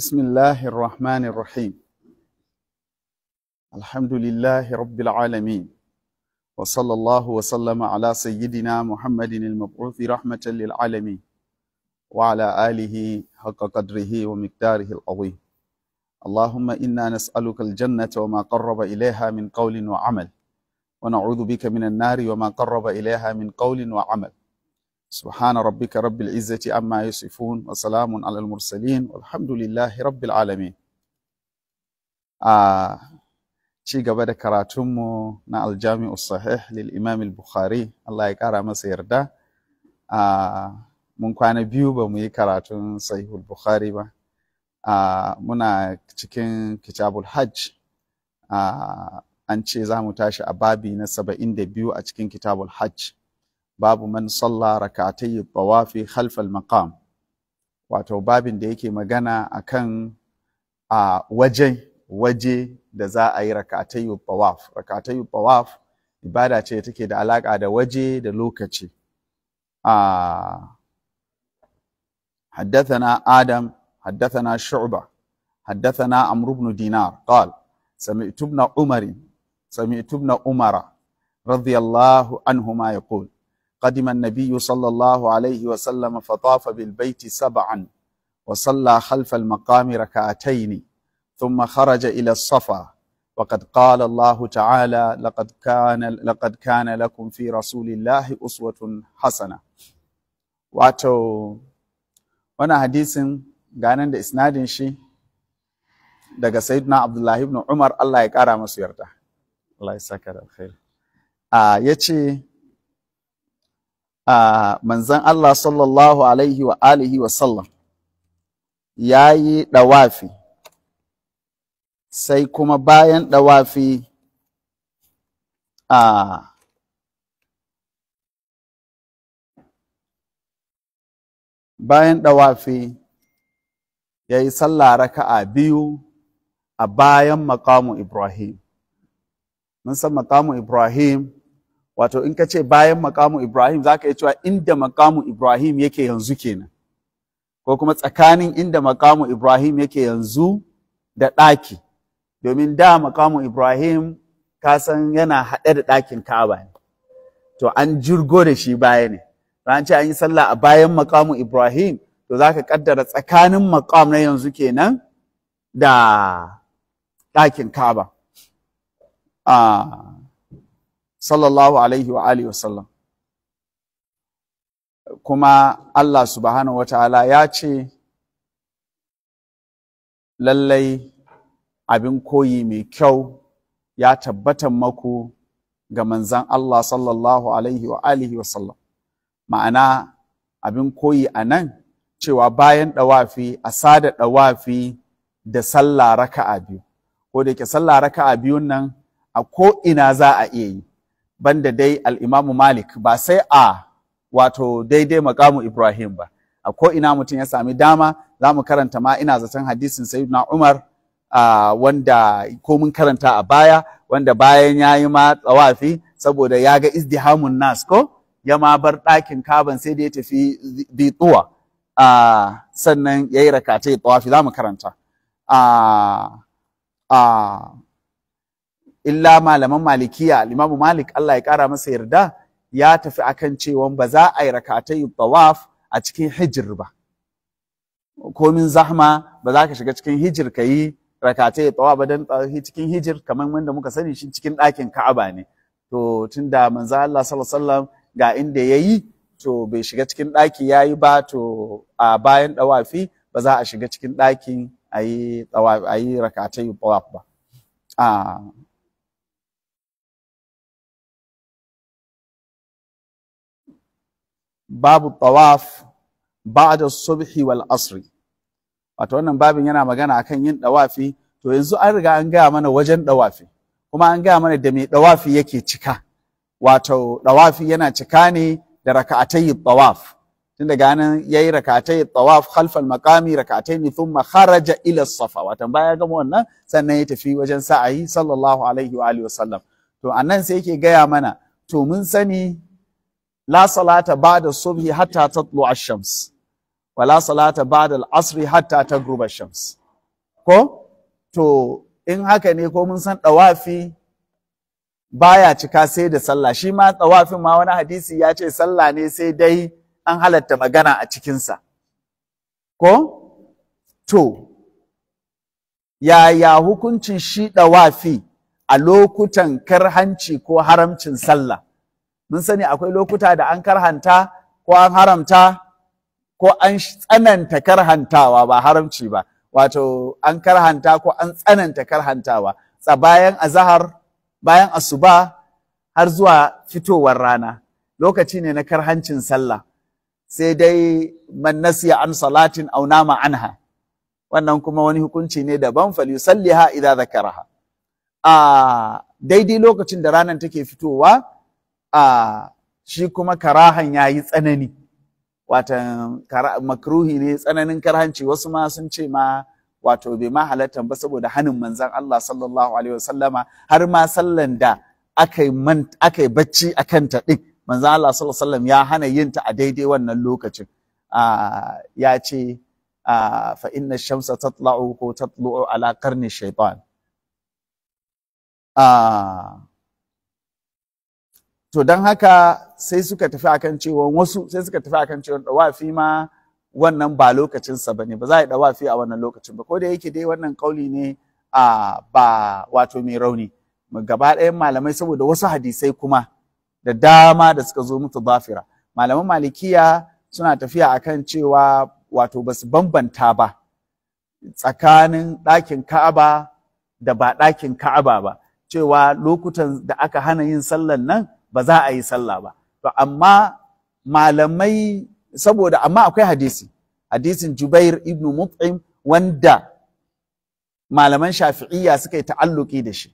بسم الله الرحمن الرحيم الحمد لله رب العالمين وصلى الله وسلم على سيدنا محمد المبعوث رحمة للعالمين وعلى آله حق قدره ومقداره العظيم اللهم إنا نسألك الجنة وما قرب إليها من قول وعمل ونعوذ بك من النار وما قرب إليها من قول وعمل سبحان ربك رب العزة عما يصفون وسلام على المرسلين والحمد لله رب العالمين ci gaba da karatunmu na aljami'u sahih lil al-bukhari Allah ya kara masa yarda mun kwana biyu ba mu yi karatun sahihul bukhari ba muna cikin kitabul hajj an ce za mu tashi a babi na saba'in da biyu a cikin kitabul hajj babu man salla rak'atay tawafi khalf al-maqam wato babin da yake magana akan a waje waje da za a yi rak'atay tawaf rak'atay tawaf ibada ce take da alaka da waje da lokaci a حدثنا آدم حدثنا شعبة حدثنا عمرو بن دينار قال سمعت ابن عمر سمعت ابن عمر رضي الله عنهما يقول قدم النبي صلى الله عليه وسلم فطاف بالبيت سبعا وصلى خلف المقام ركعتين ثم خرج إلى الصفا وقد قال الله تعالى لقد كان لقد كان لكم في رسول الله أسوة حسنة واتو وانا حديث ganin da isnadin shi daga sayyidina Abdullahi ibn Umar Allah ya kara masu yarda Allah ya saka da alkhairi a yace manzan Allah sallallahu alaihi wa alihi wa sallam ya yi ɗawafi sai kuma bayan ɗawafi a bayan ɗawafi ya yi sallah raka'a biyu a bayan makamu Ibrahim. Mun san makamu Ibrahim wato in ka ce bayan makamu Ibrahim za ka yi cewa inda makamu Ibrahim yake yanzu kenan ko kuma tsakanin inda makamu Ibrahim yake yanzu da ɗaki domin da makamu Ibrahim ka san yana haɗe da ɗakin Ka'aba ne to an jirgo da shi baya ne an ce an yi sallah a bayan makamu Ibrahim to za ka kaddara tsakanin makam na yanzu kenan da ɗakin Ka'aba. Ah, sallallahu alaihi wa alihi wasallam kuma Allah subhanahu wa ta'ala ya ce lallai abin koyi mai kyau ya tabbatan maku ga manzan Allah sallallahu alaihi wa alihi wasallam ma'ana abin koyi a nan cewa bayan ɗawafi a sada ɗawafi da sallah raka'a biyu ko da ke sallah raka'a biyun nan a ko ina za a iya yi banda dai al'imamu Malik ba sai a wato daidai makamu Ibrahim ba. A ko ina mutum ya sami dama za mu karanta ma ina zaton hadisin Sayyidina Umar wanda ko mun karanta a baya wanda bayan ya yi ma tsawafi saboda ya ga izdihamun nas ko ya ma bar ɗakin kaban sai da ya tafi bituwa sannan ya yi rakatai tsawafi za mu karanta. illa malaman malikiya limamu malik Allah ya kara masa yarda ya tafi akan cewa ba za a yi rakatai tawaf a cikin hijir ba komin zahma ba za ka shiga cikin hijir ka yi rakatai tawaf ba dan eh, cikin hijir kamar wanda muka sani shi cikin ɗakin Ka'aba ne to tunda manzo Allah sallallahu alaihi wasallam ga inda yayi to bai shiga cikin ɗaki yayi ba to a bayan dawafi ba za a shiga cikin ɗakin ayi ayi rakatai tawaf ba a ah, babu tawaf ba'da subhi wal asri wato wannan babin yana magana akan yin dawafi to yanzu an riga an gaya mana wajen dawafi kuma an gaya mana da mai dawafi yake cika wato dawafi yana cika ne da raka'atai tawaf tun daga nan yayi raka'atai tawaf khalfal maqami raka'atai thumma kharaja ila safa wato baya gama wannan sannan ya tafi wajen sa'ayi sallallahu alaihi wa alihi wasallam to anan sai yake gaya mana to mun sani la salata ba'da subhi hatta tatlu ash-shams wa la salata ba'da al-asri hatta ta shams ko to in haka ne ko mun san dawafi baya cika sai da sallah shi ma dawafin ma wani hadisi ya ce sallah ne sai dai an halatta magana a cikinsa ko to yaya hukuncin shi ɗawafi a lokutan karhanci ko haramcin sallah mun sani akwai lokuta da an karhanta ko an haramta ko an tsananta karhantawa ba haramci ba wato an karhanta ko an tsananta karhantawa tsa bayan azahar bayan asuba har zuwa fitowar rana lokaci ne na karhancin sallah sai dai man nasiya an salatin aw nama anha wannan kuma wani hukunci ne daban falyusalliha idza zakaraha a ah, daidai lokacin da ranar take fitowa a shi kuma karahan ya yi tsanani wata makruhi ne tsananin karhanci wasu ma sun ce ma wato bai ma halatta ba saboda hanin manzan Allah sallallahu alaihi wasallama har ma sallan da aka yi bacci a kanta ɗin manzan Allah sallallahu alaihi wasallam ya hana yin ta a daidai wannan lokacin ya ce fa inna shamsa tatla'u ko tatla'u ala qarni shaytan to don haka sai suka tafi akan cewa wasu sai suka tafi akan cewa dawafi ma wannan ba lokacinsa ba ne ba za a yi dawafi a wannan lokacin ba ko da yake dai wannan kauli ne a ba wato mai rauni gaba ɗayan malamai saboda wasu hadisai kuma da dama da suka zo mutu bafira. malaman malikiya suna tafiya akan cewa wato ba su bambanta ba tsakanin ɗakin ka'aba da ba ɗakin ka'aba ba cewa lokutan da aka hana yin sallan nan ba za a yi sallah ba to amma malamai saboda amma akwai hadisi hadisin Jubair ibn Mut'im wanda malaman Shafi'iyya suka yi ta'alluki da shi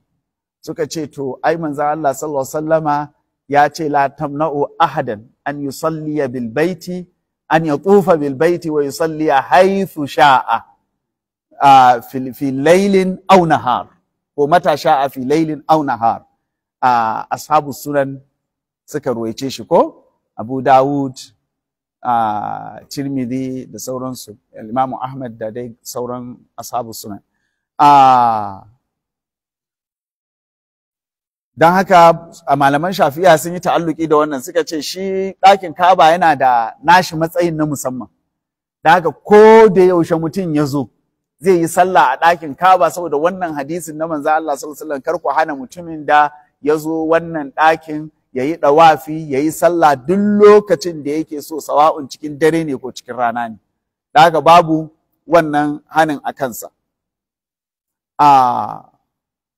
suka ce to ai manzon Allah sallallahu alaihi wasallama ya ce la tamna'u ahadan an yusalliya bil baiti an yatufa bil baiti wa yusalli haythu sha'a fi lailin aw nahar ko mata sha'a fi lailin aw nahar a ashabu sunan suka ruwaice shi ko abu dawud a tirmidhi da sauransu imamu ahmad da dai sauran ashabu sunan don haka malaman shafi'a sun yi ta'alluki da wannan suka ce shi ɗakin kaba yana da nashi matsayin na musamman don haka ko da yaushe mutum ya zo zai yi sallah a ɗakin kaba saboda wannan hadisin na manzo Allah sallallahu alaihi wasallam kar ku hana mutumin da ya zo wannan ɗakin ya yi ɗawafi ya yi sallah duk lokacin da yake so sawa'un cikin dare ne ko cikin rana ne daga babu wannan hanin a kansa a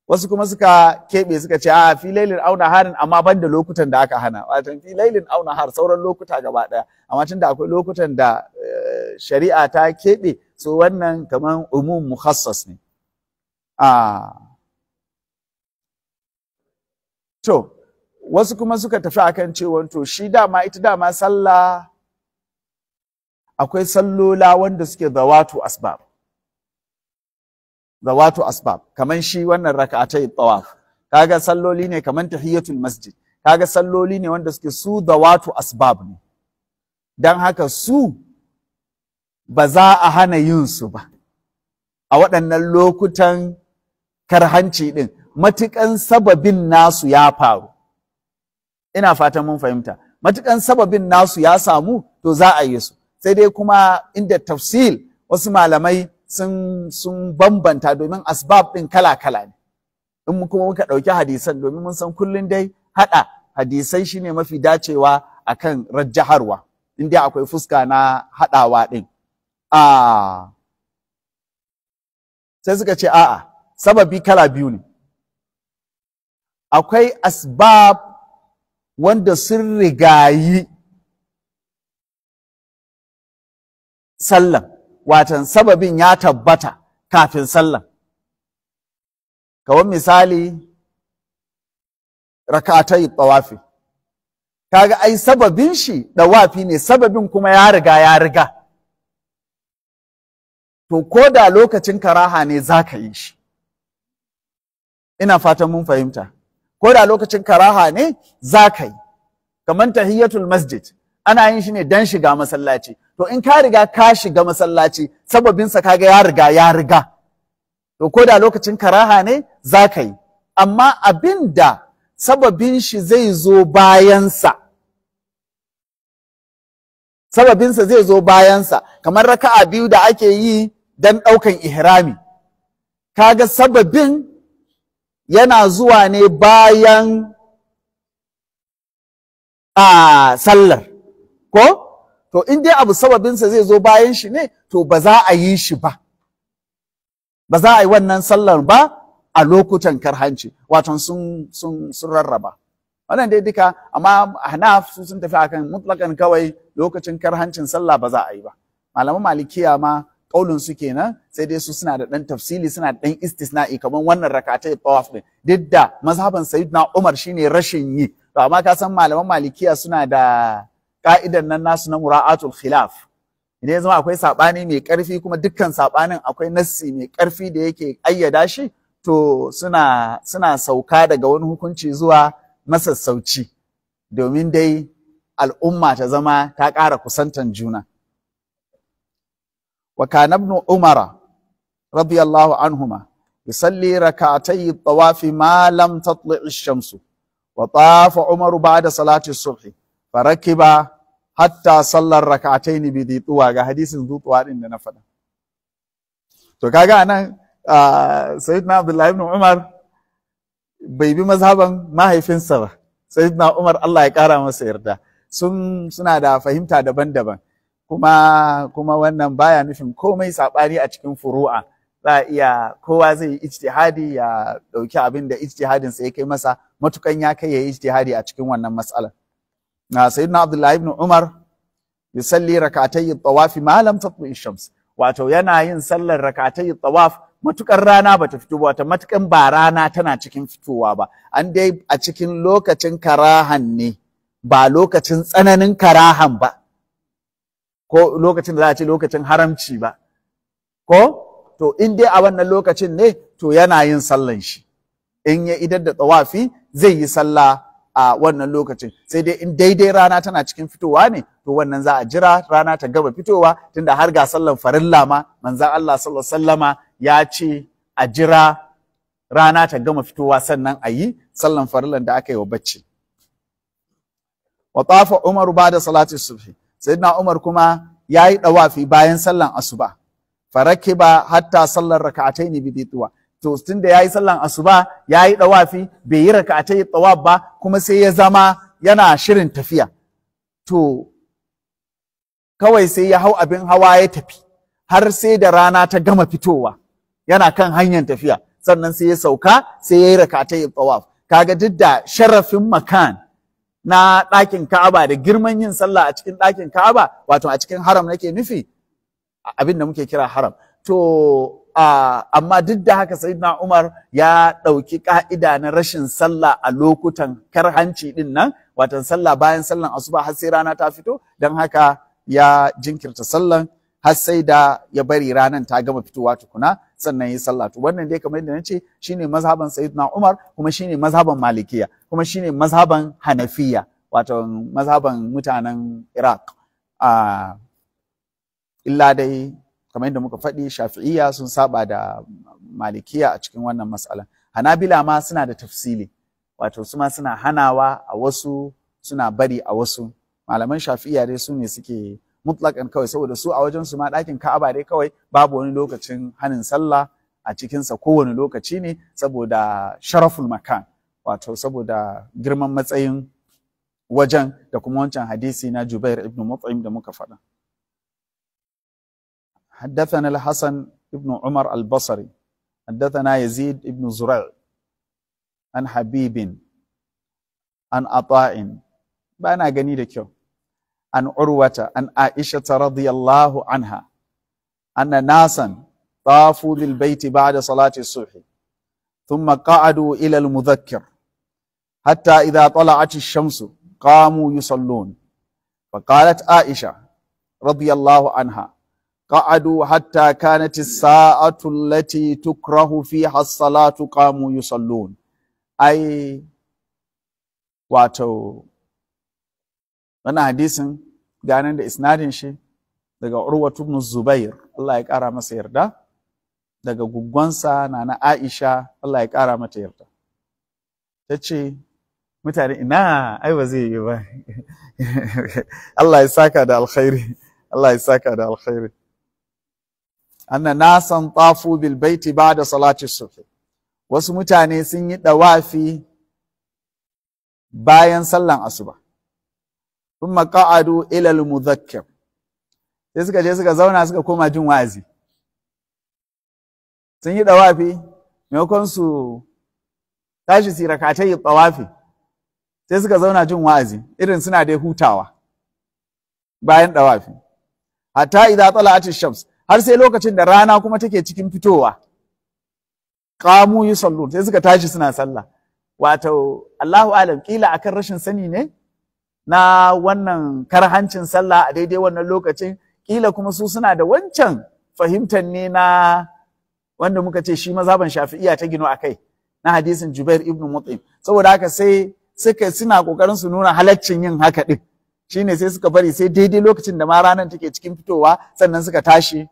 wasu kuma suka keɓe suka ce a fi lailin auna harin amma ban da lokutan da aka hana wato fi lailin auna har sauran lokuta gaba ɗaya amma tun da akwai lokutan da eh, shari'a ta keɓe so wannan kamar umum mukhassas ne a To, wasu kuma suka tafi akan cewa to shi dama ita dama sallah akwai sallola wanda suke zawatu asbab. Zawatu asbab, kaman shi wannan raka'atai tawaf. Kaga salloli ne kaman tahiyatul masjid. Kaga salloli ne wanda suke su zawatu asbab ne. Don haka su ba za a hana yin su ba. A waɗannan lokutan karhanci ɗin matukan sababin nasu ya faru ina fatan mun fahimta matukan sababin nasu ya samu to za a yi su sai dai kuma inda tafsil wasu malamai sun sun bambanta domin asbab ɗin kala-kala ne in kuma muka ɗauki hadisan domin mun san kullum dai haɗa hadisai ne mafi dacewa akan rajjaharwa in dai akwai fuska na haɗawa ɗin ah, sai suka ce a'a sababi kala biyu ne akwai asbab wanda sun rigayi sallan watan sababin ya tabbata kafin sallan kawai misali rakatai tawafi kaga ai sababin shi dawafi ne sababin kuma ya riga ya riga to ko da lokacin karaha ne zaka yi shi ina fatan mun fahimta ko da lokacin karaha ne za ka yi kamar tahiyatul masjid ana yin shi ne dan shiga masallaci to in ka riga ka shiga masallaci sababin sa kaga ya riga ya riga to ko da lokacin karaha ne za ka yi amma abinda sababin shi zai zo bayansa sa zai zo bayansa kamar raka'a biyu da ake yi dan ɗaukan ihrami kaga sababin yana zuwa ne bayan a sallar ko to in dai abu sa zai zo bayan shi ne to ba za a yi shi ba ba za a yi wannan sallar ba a lokutan karhanci wato sun sun sun rarraba wannan dai duka amma hanaf su sun tafi akan mutlakan kawai lokacin karhancin sallah ba za a yi ba malaman malikiya ma kaulin su kenan sai dai su suna da ɗan tafsili suna da ɗan istisna'i kamar wannan rakatai tawaf din duk da mazhaban sayyidina Umar shine rashin yi to amma ka san malaman malikiya suna da ka'idan nan nasu na mura'atul khilaf idan ya zama akwai saɓani mai karfi kuma dukkan saɓanin akwai nassi mai karfi da yake ayyada shi to suna suna sauka daga wani hukunci zuwa masassauci domin dai al'umma ta zama ta ƙara kusantan juna وكان ابن عمر رضي الله عنهما يصلي ركعتي الطواف ما لم تطلع الشمس وطاف عمر بعد صلاة الصبح فركب حتى صلى الركعتين بذي طوى ga hadisin zu tuwa da na faɗa to kaga anan sayyidina Abdullahi ibn Umar bai bi mazhaban mahaifinsa ba sayyidina Umar Allah ya kara masa yarda sun suna da fahimta daban-daban kuma kuma wannan baya nufin komai saɓani a cikin furu'a za a iya kowa zai yi ijtihadi ya ɗauki abin da ijtihadin sa ya kai masa matukan ya kai ya yi ijtihadi a cikin wannan matsalar na sayyidina abdullahi ibn umar yusalli rakatai tawafi ma lam tatlu'i shams wato yana yin sallar rakatai tawaf matukar rana bata fito ba ta matukan ba rana tana cikin fitowa ba an dai a cikin lokacin karahan ne ba lokacin tsananin karahan ba ko lokacin da za a ce lokacin haramci ba ko to in dai a wannan lokacin ne to yana yin sallan shi in ya idar da tsawafi zai yi sallah a wannan lokacin sai dai in daidai rana tana cikin fitowa ne to wannan za a jira rana ta gaba fitowa tunda har ga sallan farilla ma manzon Allah sallallahu alaihi ya ce a jira rana ta gama fitowa sannan a yi sallan farillan da aka yi wa bacci wa tafa umaru ba da salati subhi sayyidina Umar kuma ya yi ɗawafi bayan sallan asuba ba hatta sallar ne bi tun to ya yi sallan asuba ya yi ɗawafi bai yi raka'atai tawaf ba kuma sai ya zama yana shirin tafiya to kawai sai ya hau abin hawa ya tafi har sai da rana ta gama fitowa yana kan hanyar tafiya sannan sai ya sauka sai ya yi raka'atai tawaf kaga duk da sharafin makan na ɗakin Ka'aba da girman yin sallah a cikin ɗakin Ka'aba wato a cikin haram nake nufi abin da muke kira haram to amma duk da haka sayyidina Umar ya ɗauki ka'ida na rashin sallah a lokutan karhanci din nan wato sallah bayan sallan asuba har sai rana ta fito don haka ya jinkirta sallan har sai da ya bari ranan ta gama fitowa tukuna sannan yi sallah to wannan dai kamar yadda nace shine mazhaban sayyidina Umar kuma shine mazhaban Malikiya kuma shine mazhaban Hanafiya wato mazhaban mutanen Iraq a illa dai kamar yadda muka faɗi Shafi'iyya sun saba da Malikiya a cikin wannan mas'alan Hanabila ma suna da tafsili wato su ma suna hanawa a wasu suna bari a wasu malaman Shafi'iyya dai su ne suke mutlaƙan kawai saboda su a wajen su ma ɗakin Ka'aba dai kawai babu wani lokacin hanin sallah a cikinsa kowane lokaci ne saboda sharaful makan wato saboda girman matsayin wajen da kuma wancan hadisi na Jubair ibn Mut'im da muka faɗa. حدثنا الحسن ابن عمر البصري حدثنا يزيد ابن زرع Habibin, an عن عطاء بانا gani da kyau عن عروة عن عائشة رضي الله عنها أن ناسا طافوا للبيت بعد صلاة الصبح ثم قعدوا إلى المذكر حتى إذا طلعت الشمس قاموا يصلون فقالت عائشة رضي الله عنها قعدوا حتى كانت الساعة التي تكره فيها الصلاة قاموا يصلون أي واتو أنا حديثا ganin da isnadin shi daga Urwa, ibn Zubair Allah ya kara masa yarda daga gugwansa na na Aisha Allah ya kara mata yarda ta ce mutane ina ai ba zai yi ba Allah ya saka da alkhairi Allah ya saka da alkhairi anna nasan tafu bil baiti ba'da salati sufi wasu mutane sun yi dawafi bayan sallan asuba thumma qa'adu ila al-mudhakkar sai suka je suka zauna suka koma jin wa'azi sun yi dawafi maimakon su tashi su rakatai dawafi sai suka zauna jin wa'azi irin suna dai hutawa bayan dawafi hatta idza tala'at shams har sai lokacin da rana kuma take cikin fitowa qamu yusallun sai suka tashi suna sallah wato Allahu alam kila akan rashin sani ne na wannan karhancin sallah a daidai wannan lokacin kila kuma su suna da wancan fahimtar ne na wanda muka ce shi mazhaban shafi'iya ta gino akai na hadisin Jubair ibn Mut'im saboda haka sai suka suna kokarin su nuna halaccin yin haka din shine sai suka bari sai daidai lokacin da ma ranar take cikin fitowa sannan suka tashi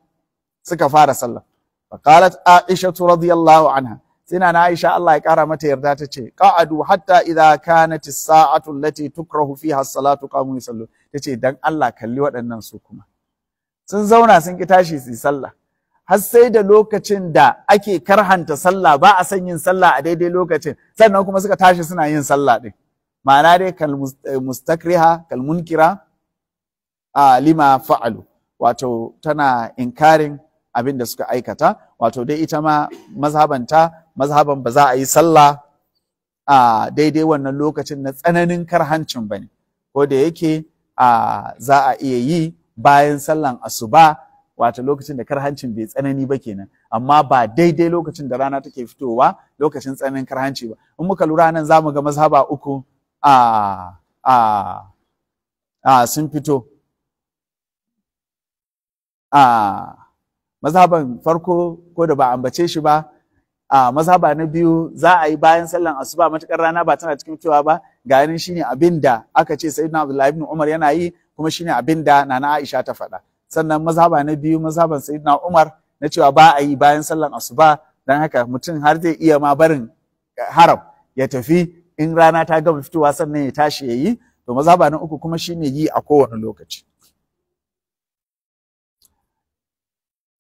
suka fara sallah faqalat Aisha radiyallahu anha sina na Aisha Allah ya kara mata yarda ta ce qa'adu hatta idza kanat as-sa'atu allati tukrahu fiha as-salatu qamu yusallu tace dan Allah kalli waɗannan su kuma sun zauna sun ki tashi su sallah har sai da lokacin da ake karhanta sallah ba a san yin sallah a daidai lokacin sannan kuma suka tashi suna yin sallah din ma'ana dai kal eh, mustakriha kal munkira a lima fa'alu wato tana inkarin abin da suka aikata wato dai ita ma mazhabanta mazhaban ba za a yi sallah a daidai wannan lokacin na tsananin karhancin ba ne ko da yake a za a iya yi bayan sallan asuba wato lokacin da karhancin bai tsanani ba kenan amma ba daidai lokacin da rana take fitowa lokacin tsananin karhanci ba in muka lura nan za mu ga mazhaba uku a a a sun fito a mazhaban farko ko da ba ambace shi ba a mazhaba na biyu za a yi bayan sallan asuba matukar rana ba tana cikin cewa ba ga yanin shine abin da aka ce sayyidina abdullahi ibn umar yana yi kuma shine abin da nana aisha ta faɗa sannan mazhaba na biyu mazhaban sayyidina umar na cewa ba a yi bayan sallan asuba dan haka mutum har zai iya ma barin haram ya tafi in rana ta gama fitowa sannan ya tashi ya yi to mazhaba na uku kuma shine yi a kowane lokaci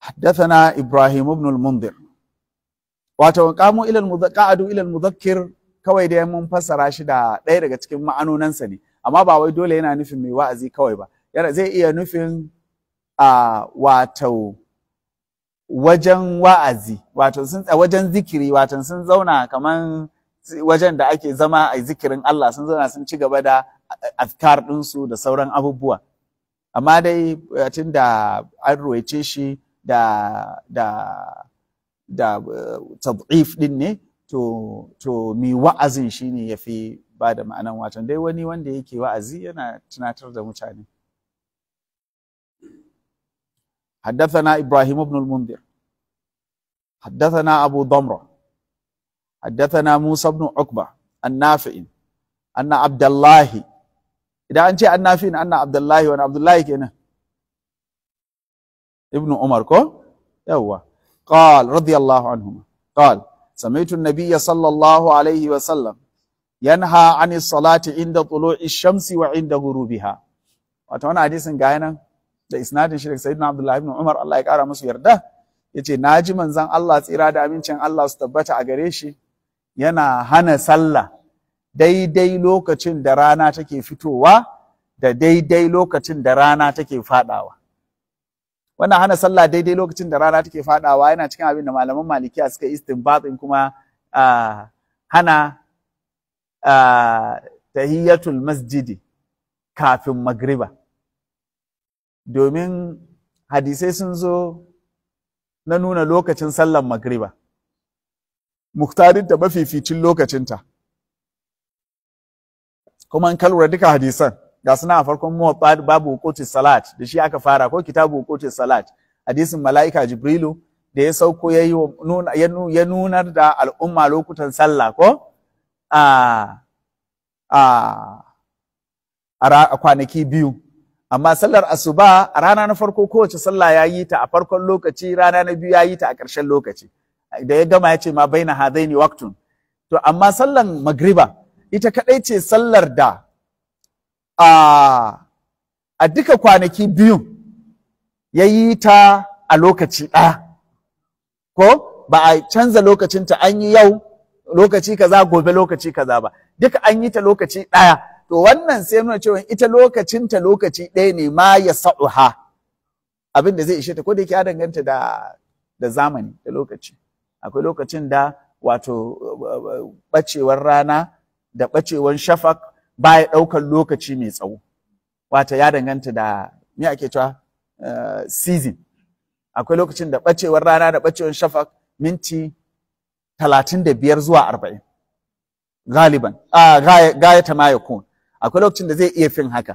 حدثنا إبراهيم بن المنذر wato qamu ilal qa'adu ilal muzakkir kawai dai mun fassara shi da ɗaya daga cikin ma'anonansa ne amma ba wai dole yana nufin mai wa'azi kawai ba yana zai iya nufin a wato wajen wa'azi wato sun wajen zikiri wato sun zauna kaman wajen da ake zama a zikirin Allah sun zauna sun ci gaba da afkar ɗinsu da sauran abubuwa amma dai eh, tun da an ruwaice shi da da da tab'if din ne to to mi wa'azin ya fi ba da ma'anan watan dai wani wanda yake wa'azi yana tunatar da mutane حدثنا إبراهيم بن المنذر حدثنا أبو ضمرة حدثنا موسى بن عقبة النافع أن عبد الله إذا أنت النافع أن عبد الله وأنا عبد الله كنا ابن عمر كو يوا قال رضي الله عنهما قال سمعت النبي صلى الله عليه وسلم ينهى عن الصلاة عند طلوع الشمس وعند غروبها وتوانا حديث nan da isnadin shi daga sayyidina Abdullahi ibn Umar Allah ya kara musu yarda yace naji manzon Allah tsira da amincin Allah su tabbata a gare shi yana hana sallah daidai lokacin da rana take fitowa da daidai lokacin da rana take fadawa wannan hana sallah daidai lokacin da rana take fadawa yana cikin abin da malaman malikiya suka istinbatin kuma hana tahiyatul masjidi kafin magriba domin hadisai sun zo na nuna lokacin sallan magriba muktarinta mafificin lokacinta kuma an kalura duka hadisan ga suna a farkon muwatta babu wuquti salat da shi aka fara ko kitabu wuquti salat hadisin mala'ika jibrilu da ya sauko ya nunar da al'umma lokutan sallah ko a kwanaki biyu amma sallar asuba a rana na farko kowace sallah ya yi ta a farkon lokaci rana na biyu ya yi ta a ƙarshen lokaci da ya gama ya ce ma baina hadaini waqtun to amma sallan magriba ita kadai ce sallar da a a duka kwanaki biyun ya yi ta a lokaci ɗaya ko ba a canza lokacinta an yi yau lokaci kaza gobe lokaci kaza ba duka an yi ta lokaci ɗaya to wannan sai nuna cewa ita lokacinta lokaci ɗaya ne ma ya sa'uha abin da zai ishe ta ko da yake ya danganta da da zamani da lokaci akwai lokacin da wato bacewar rana da bacewar shafak baya ɗaukar lokaci mai tsawo wata ya danganta da me ake cewa eh, season akwai lokacin da ɓacewar rana da ɓacewar shafak minti talatin da biyar zuwa arba'in galiban a gaya ta kun akwai lokacin da zai iya fin haka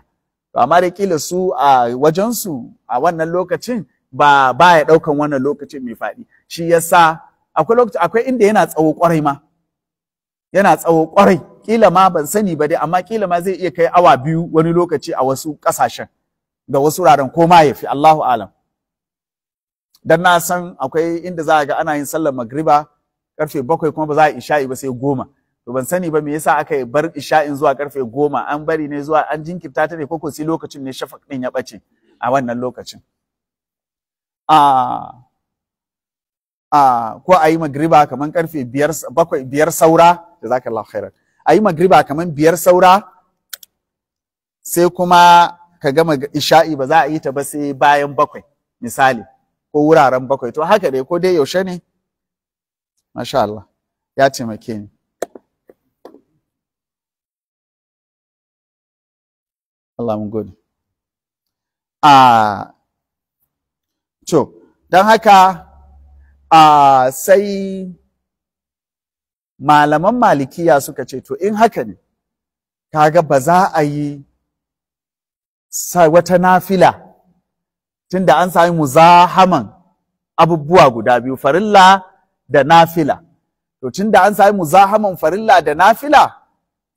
to amma dai kila su a wajensu a wannan lokacin ba ba ya ɗaukan wannan lokacin mai faɗi shi yasa akwai akwai inda yana tsawo kwarai ma yana tsawo kwarai kila ma ban sani ba dai amma kila ma zai iya kai awa biyu wani lokaci a wasu kasashen ga wasu wuraren ko ma yafi Allahu alam dan na san akwai inda za a ga ana yin sallar magriba karfe bakwai kuma ba za a isha'i ba sai goma to ban sani ba me yasa aka bar isha'in zuwa karfe goma an bari ne zuwa an jinkirta ta ne ko sai lokacin ne shafaq din ya bace a wannan lokacin a a ko a yi magriba kamar karfe biyar bakwai biyar saura jazakallahu khairan a yi magriba kamar biyar saura sai kuma ka gama isha'i ba za a yi ta ba sai bayan bakwai misali ko wuraren bakwai to haka dai ko dai yaushe ne masha Allah ya taimake ni Allah mun gode a to don haka a sai malaman malikiya suka ce to in haka ne kaga ba za a yi wata nafila tunda an sami muzahaman abubuwa guda biyu farilla da nafila to tunda an sami muzahaman farilla da nafila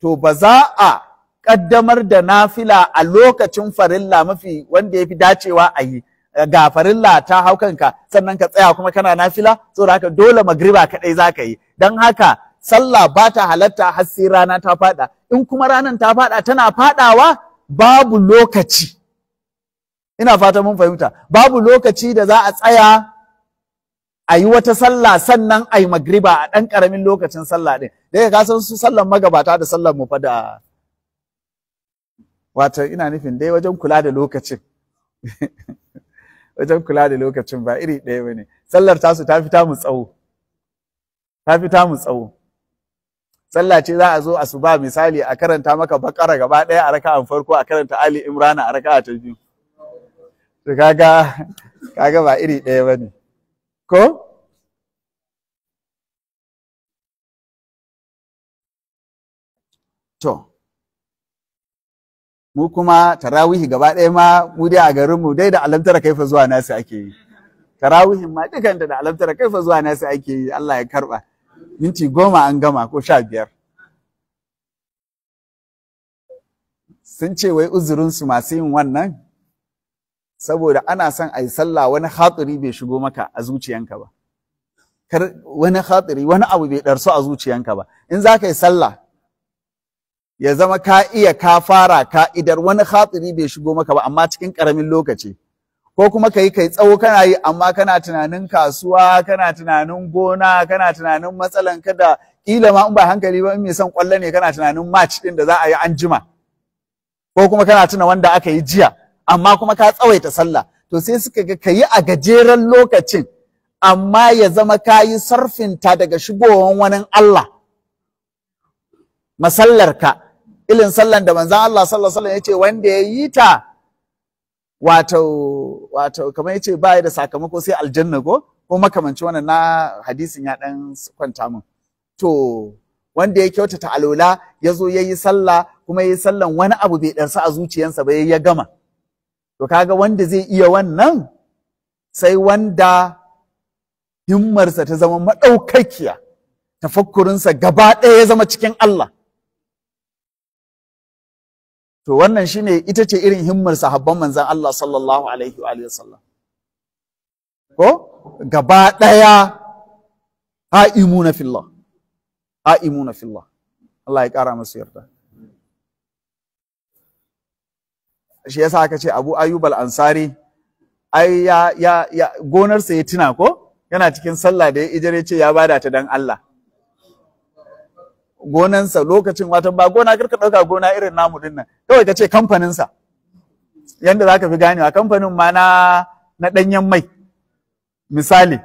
to ba za a kaddamar da nafila a lokacin farilla mafi wanda ya fi dacewa a yi ga farilla ta haukanka sannan ka tsaya kuma kana nafila saboda haka dole magriba kaɗai za ka yi don haka sallah ba ta halatta har sai rana ta fada in kuma ranan ta fada tana fadawa babu lokaci ina fata mun fahimta babu lokaci da za a tsaya a yi wata sallah sannan a yi magriba a ɗan ƙaramin lokacin sallah ɗin da ka san su sallan magabata da sallan mu fada wato ina nufin dai wajen kula da lokacin wajen kula da lokacin ba iri ɗaya ba ne sallar tasu ta fi mu tsawo ta fita mu tsawo sallah ce za a zo asuba misali a karanta maka bakara gaba daya a raka'a farko a karanta ali imrana a raka'a ta biyu to kaga kaga ba iri ɗaya bane ko to mu kuma tarawihi gaba ɗaya ma mu dai a garinmu dai da kai kaifa zuwa nasu ake yi tarawihin ma dukanta da kai kaifa zuwa nasu ake yi Allah ya karɓa. minti goma an gama ko sha biyar sun ce wai uzurinsu masu yin wannan saboda ana son a yi sallah wani hatsari bai shigo maka a zuciyanka ba wani hatsari wani abu bai ɗarsu a zuciyanka ba in za ka yi sallah ya zama ka iya ka fara ka idar wani hatsari bai shigo maka ba amma cikin ƙaramin lokaci ko kuma ka yi kai tsawo kana yi amma kana tunanin kasuwa kana tunanin gona kana tunanin matsalan ka da kila ma in ba hankali ba in mai son kwallo ne kana tunanin match din da za a yi an jima ko kuma kana tuna wanda aka yi jiya amma kuma ka tsawaita sallah to sai suka ga ka yi a gajeren lokacin amma ya zama ka yi sarfinta daga shigowan wani Allah masallarka ilin sallan da manzan Allah sallallahu alaihi wasallam yace wanda yayi ta wato wato kamar yace ba da sakamako sai aljanna ko ko makamanci wannan na hadisin ya dan kwanta mun. to wanda ya kyautata alola ya zo ya yi sallah kuma ya yi sallan wani abu bai ɗarsa a zuciyarsa ba ya gama to kaga wanda zai iya wannan sai wanda himmarsa ta zama maɗaukakiya tafakkurinsa gaba ɗaya ya zama cikin Allah to wannan shine ita ce irin himmar sahabban manzan Allah sallallahu alaihi wa sallam ko gaba daya aimuna fillah na fillah Allah ya ƙara masu yarda shi yasa aka ce Abu Ayyub al-Ansari ai ya ya gonarsa ya tuna ko yana cikin sallah da ya ijare ce ya bada ta dan Allah gonansa lokacin wata ba gona karka ɗauka gona irin namu din kawai ka ce kamfaninsa yanda za ka fi ganewa kamfanin ma na na ɗanyen mai misali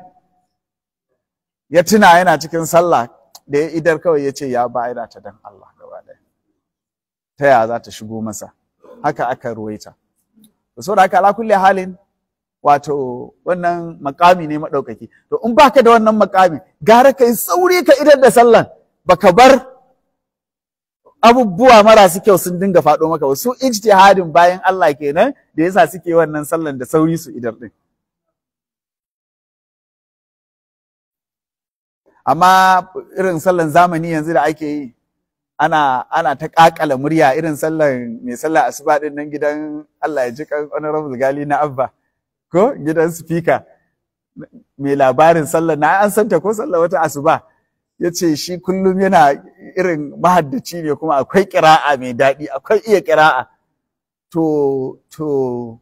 ya tuna yana cikin sallah da ya idar kawai ya ce ya ta dan Allah gaba ɗaya ta yaya za ta shigo masa haka aka ruwaita da haka ala kulle halin wato wannan makami ne maɗaukaki to in baka da wannan makami gara ka yi sauri ka idar da sallan baka bar abubuwa marasu kyau sun dinga faɗo maka ba su ijtihadin bayan Allah kenan da yasa suke wannan sallan da sauri su idar din amma irin sallan zamani yanzu da ake yi ana ana ta kakala murya irin sallan mai sallah asuba din nan gidan Allah ya ji kan honorable gali na abba ko gidan speaker mai labarin sallan na an santa ko sallar wata asuba ya ce shi kullum yana irin mahaddaci ne kuma akwai ƙira'a mai daɗi akwai iya ƙira'a to to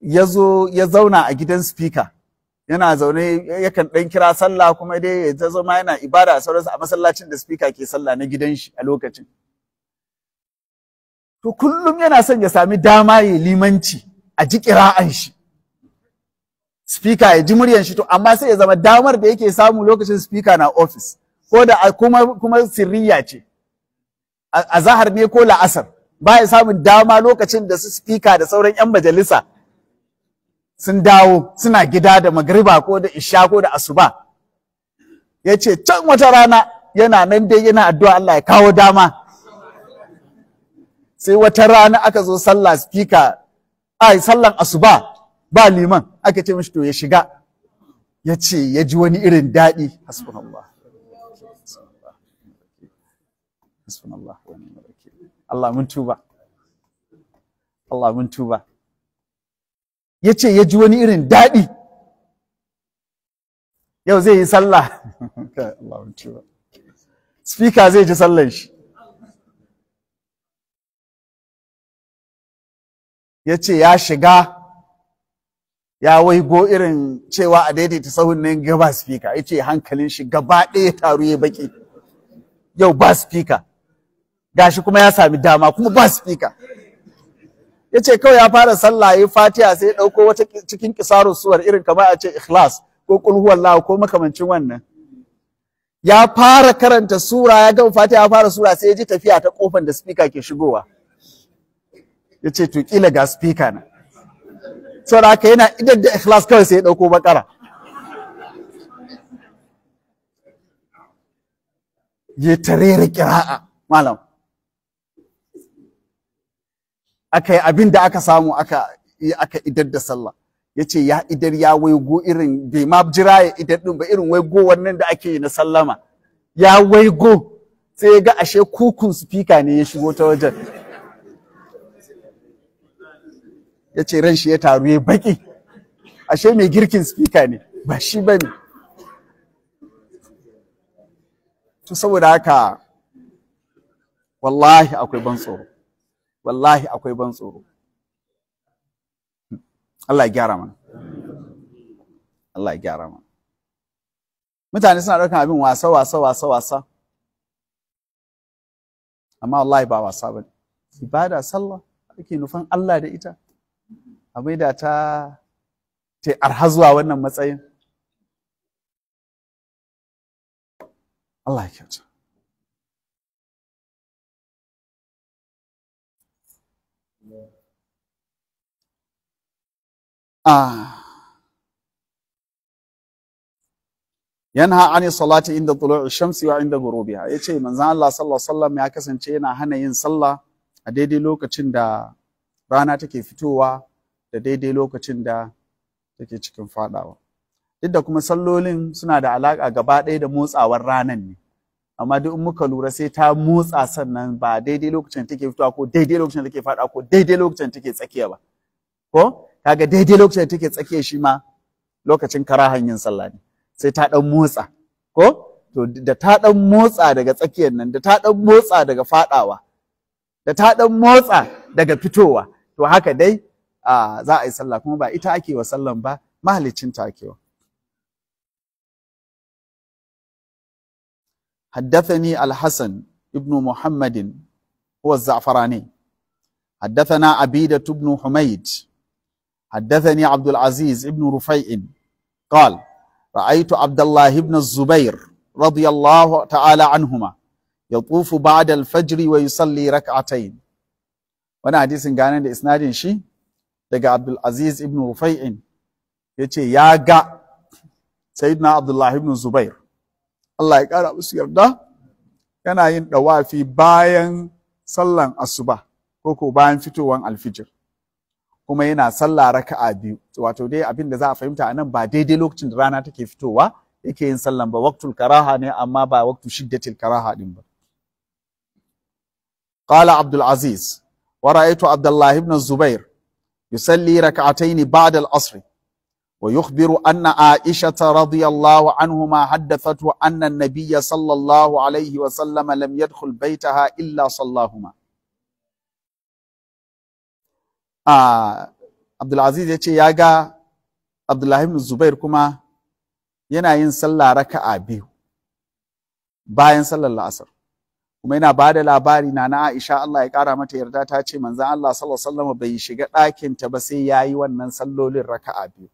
ya zo ya zauna a gidan speaker yana zaune yakan ɗan kira sallah kuma dai ya zama yana ibada a sauransu a masallacin da speaker ke sallah na gidan shi a lokacin to kullum yana son ya sami dama ya limanci a ji ƙira'an shi Spika ya ji muryan shi to amma sai ya zama damar da yake samu lokacin speaker na office ko da kuma kuma sirriya ce a zahar ne ko la'asar ba ya samun dama lokacin da su speaker da sauran yan majalisa sun dawo suna gida da magriba ko da isha ko da asuba ya ce can wata rana yana nan dai yana addu'a Allah ya kawo dama sai wata rana aka zo sallah speaker ai sallan asuba ba liman aka ce mishi to ya shiga ya ce ya ji wani irin daɗi hasbunallah Allah. Allah mun tuba Allah mun tuba ya ce ya ji wani irin daɗi yau zai yi sallah Allah mun tuba speaker zai ji sallan shi ya ce ya shiga ya waigo irin cewa a daidaita sahun nan gaba speaker yace hankalin shi gaba ɗaya taru ya baki yau ba speaker gashi kuma ya sami dama kuma ba speaker yace kawai ya fara sallah ya fatiha sai ya dauko wata cikin kisarun suwar irin kamar a ce ikhlas ko qul huwallahu ko makamancin wannan ya fara karanta sura ya gama fatiha ya fara sura sai ya ji tafiya ta kofar da speaker ke shigowa yace to kila ga speaker na saboda yana idan da ikhlas kawai sai ya dauko bakara ya tarera kira'a malam aka yi abin da aka samu aka idar da sallah ya ce ya idar ya waigo irin bai ma jira ya idar din ba irin waigo wannan da ake yi na sallama ya waigo sai ya ga ashe kukun spika ne ya shigo ta wajen ya ce ran shi ya taru ya baki ashe mai girkin speaker ne ba shi ba ne to saboda haka wallahi akwai ban tsoro wallahi akwai ban tsoro Allah ya gyara mana Allah ya gyara mana mutane suna ɗaukan abin wasa wasa wasa wasa amma wallahi ba wasa ba ibada sallah ake nufan Allah da ita a da ta ta arha zuwa wannan matsayin Allah ya ah yanha ani salati inda tulu'i shamsi wa inda ghurubiha yace manzon Allah sallallahu alaihi wasallam ya kasance yana hana yin sallah a daidai lokacin da rana take fitowa da daidai lokacin da take cikin fadawa duk da kuma sallolin suna da alaƙa gaba ɗaya da motsawar ranan ne amma duk in muka lura sai ta motsa sannan ba daidai lokacin take fitowa ko daidai lokacin take faɗa ko daidai lokacin take tsakiya ba ko kaga daidai lokacin take tsakiya shi ma lokacin karahan yin sallah ne sai ta ɗan motsa ko to da ta ɗan motsa daga tsakiyar nan da ta ɗan motsa daga faɗawa da ta ɗan motsa daga fitowa to haka dai A'a za a yi sallah kuma ba ita ake wa sallan ba mahalicin ta ake wa. Haddathani Al-Hassan ibn Muhammadin huwa Za'farani. Haddathana Abidat ibn Humayd. Haddathani Abdul Aziz ibn Rufai'in. Qal, Ra'aitu Abdullah ibn Zubair radiyallahu ta'ala anhuma yatufu ba'da al-fajr wa yusalli rak'atayn. Wani hadisin ganin da isnadin shi daga Abdulaziz ibn Rufai'in ya ce ya ga Sayyidina Abdullahi ibn Zubair Allah ya kara musu yarda yana yin ɗawafi bayan sallan asuba ko ko bayan fitowan alfijir kuma yana sallah raka'a biyu wato dai abin da za a fahimta a nan ba daidai lokacin da rana take fitowa yake yin sallan ba waqtul karaha ne amma ba waqtu shiddatil karaha din ba qala abdul aziz wa ibn zubair yusalli rak'ataini ba'da al-asr wa yukhbiru anna Aisha radhiyallahu anhuma haddathathu anna an-nabiyya sallallahu alayhi wa sallam lam yadkhul baytaha illa sallahuma ah ya ce ya ga Abdullahi ibn Zubair kuma yana yin sallah raka'a biyu bayan sallar la'asar kuma yana ba da labari na na Aisha Allah ya kara mata yarda ta ce manzon Allah sallallahu alaihi wasallam bai shiga ɗakin ta ba sai yayi wannan sallolin raka'a biyu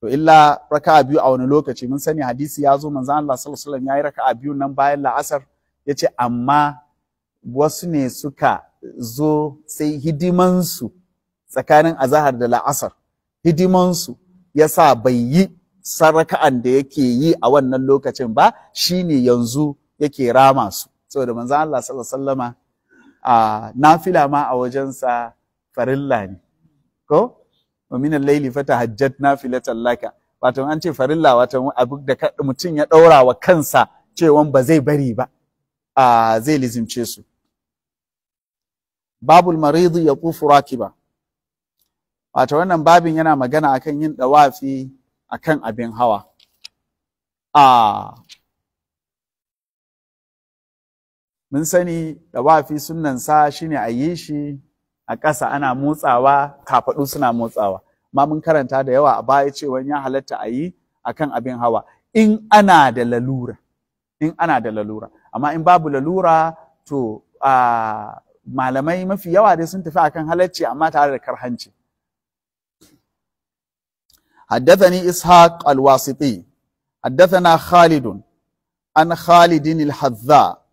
to illa raka'a biyu a wani lokaci mun sani hadisi ya zo manzon Allah sallallahu alaihi wasallam yayi raka'a biyu nan bayan la'asar yace amma wasu ne suka zo sai hidimansu tsakanin azahar da la'asar hidimansu yasa bai yi saraka'an da yake yi a wannan lokacin ba shine yanzu yake rama su saboda manzan Allah sallallahu alaihi wasallama a nafila ma a wajensa farilla ne ko wa min al-layli fatahajjat nafilatan laka wato an ce farilla wato abu da mutum ya daura wa kansa cewan ba zai bari ba a zai lizimce su babul marid ya tufu rakiba wato wannan babin yana magana akan yin dawafi akan abin hawa a mun sani da wafi sunnan sa shine a yi shi a ƙasa ana motsawa kafaɗu suna motsawa ma mun karanta da yawa a baya cewa ya halatta a yi a kan abin hawa in ana da lalura in ana da lalura amma in babu lalura to a malamai mafi yawa dai sun tafi akan halacci amma tare da karhanci حدثني إسحاق الواسطي حدثنا خالد عن خالد الحذاء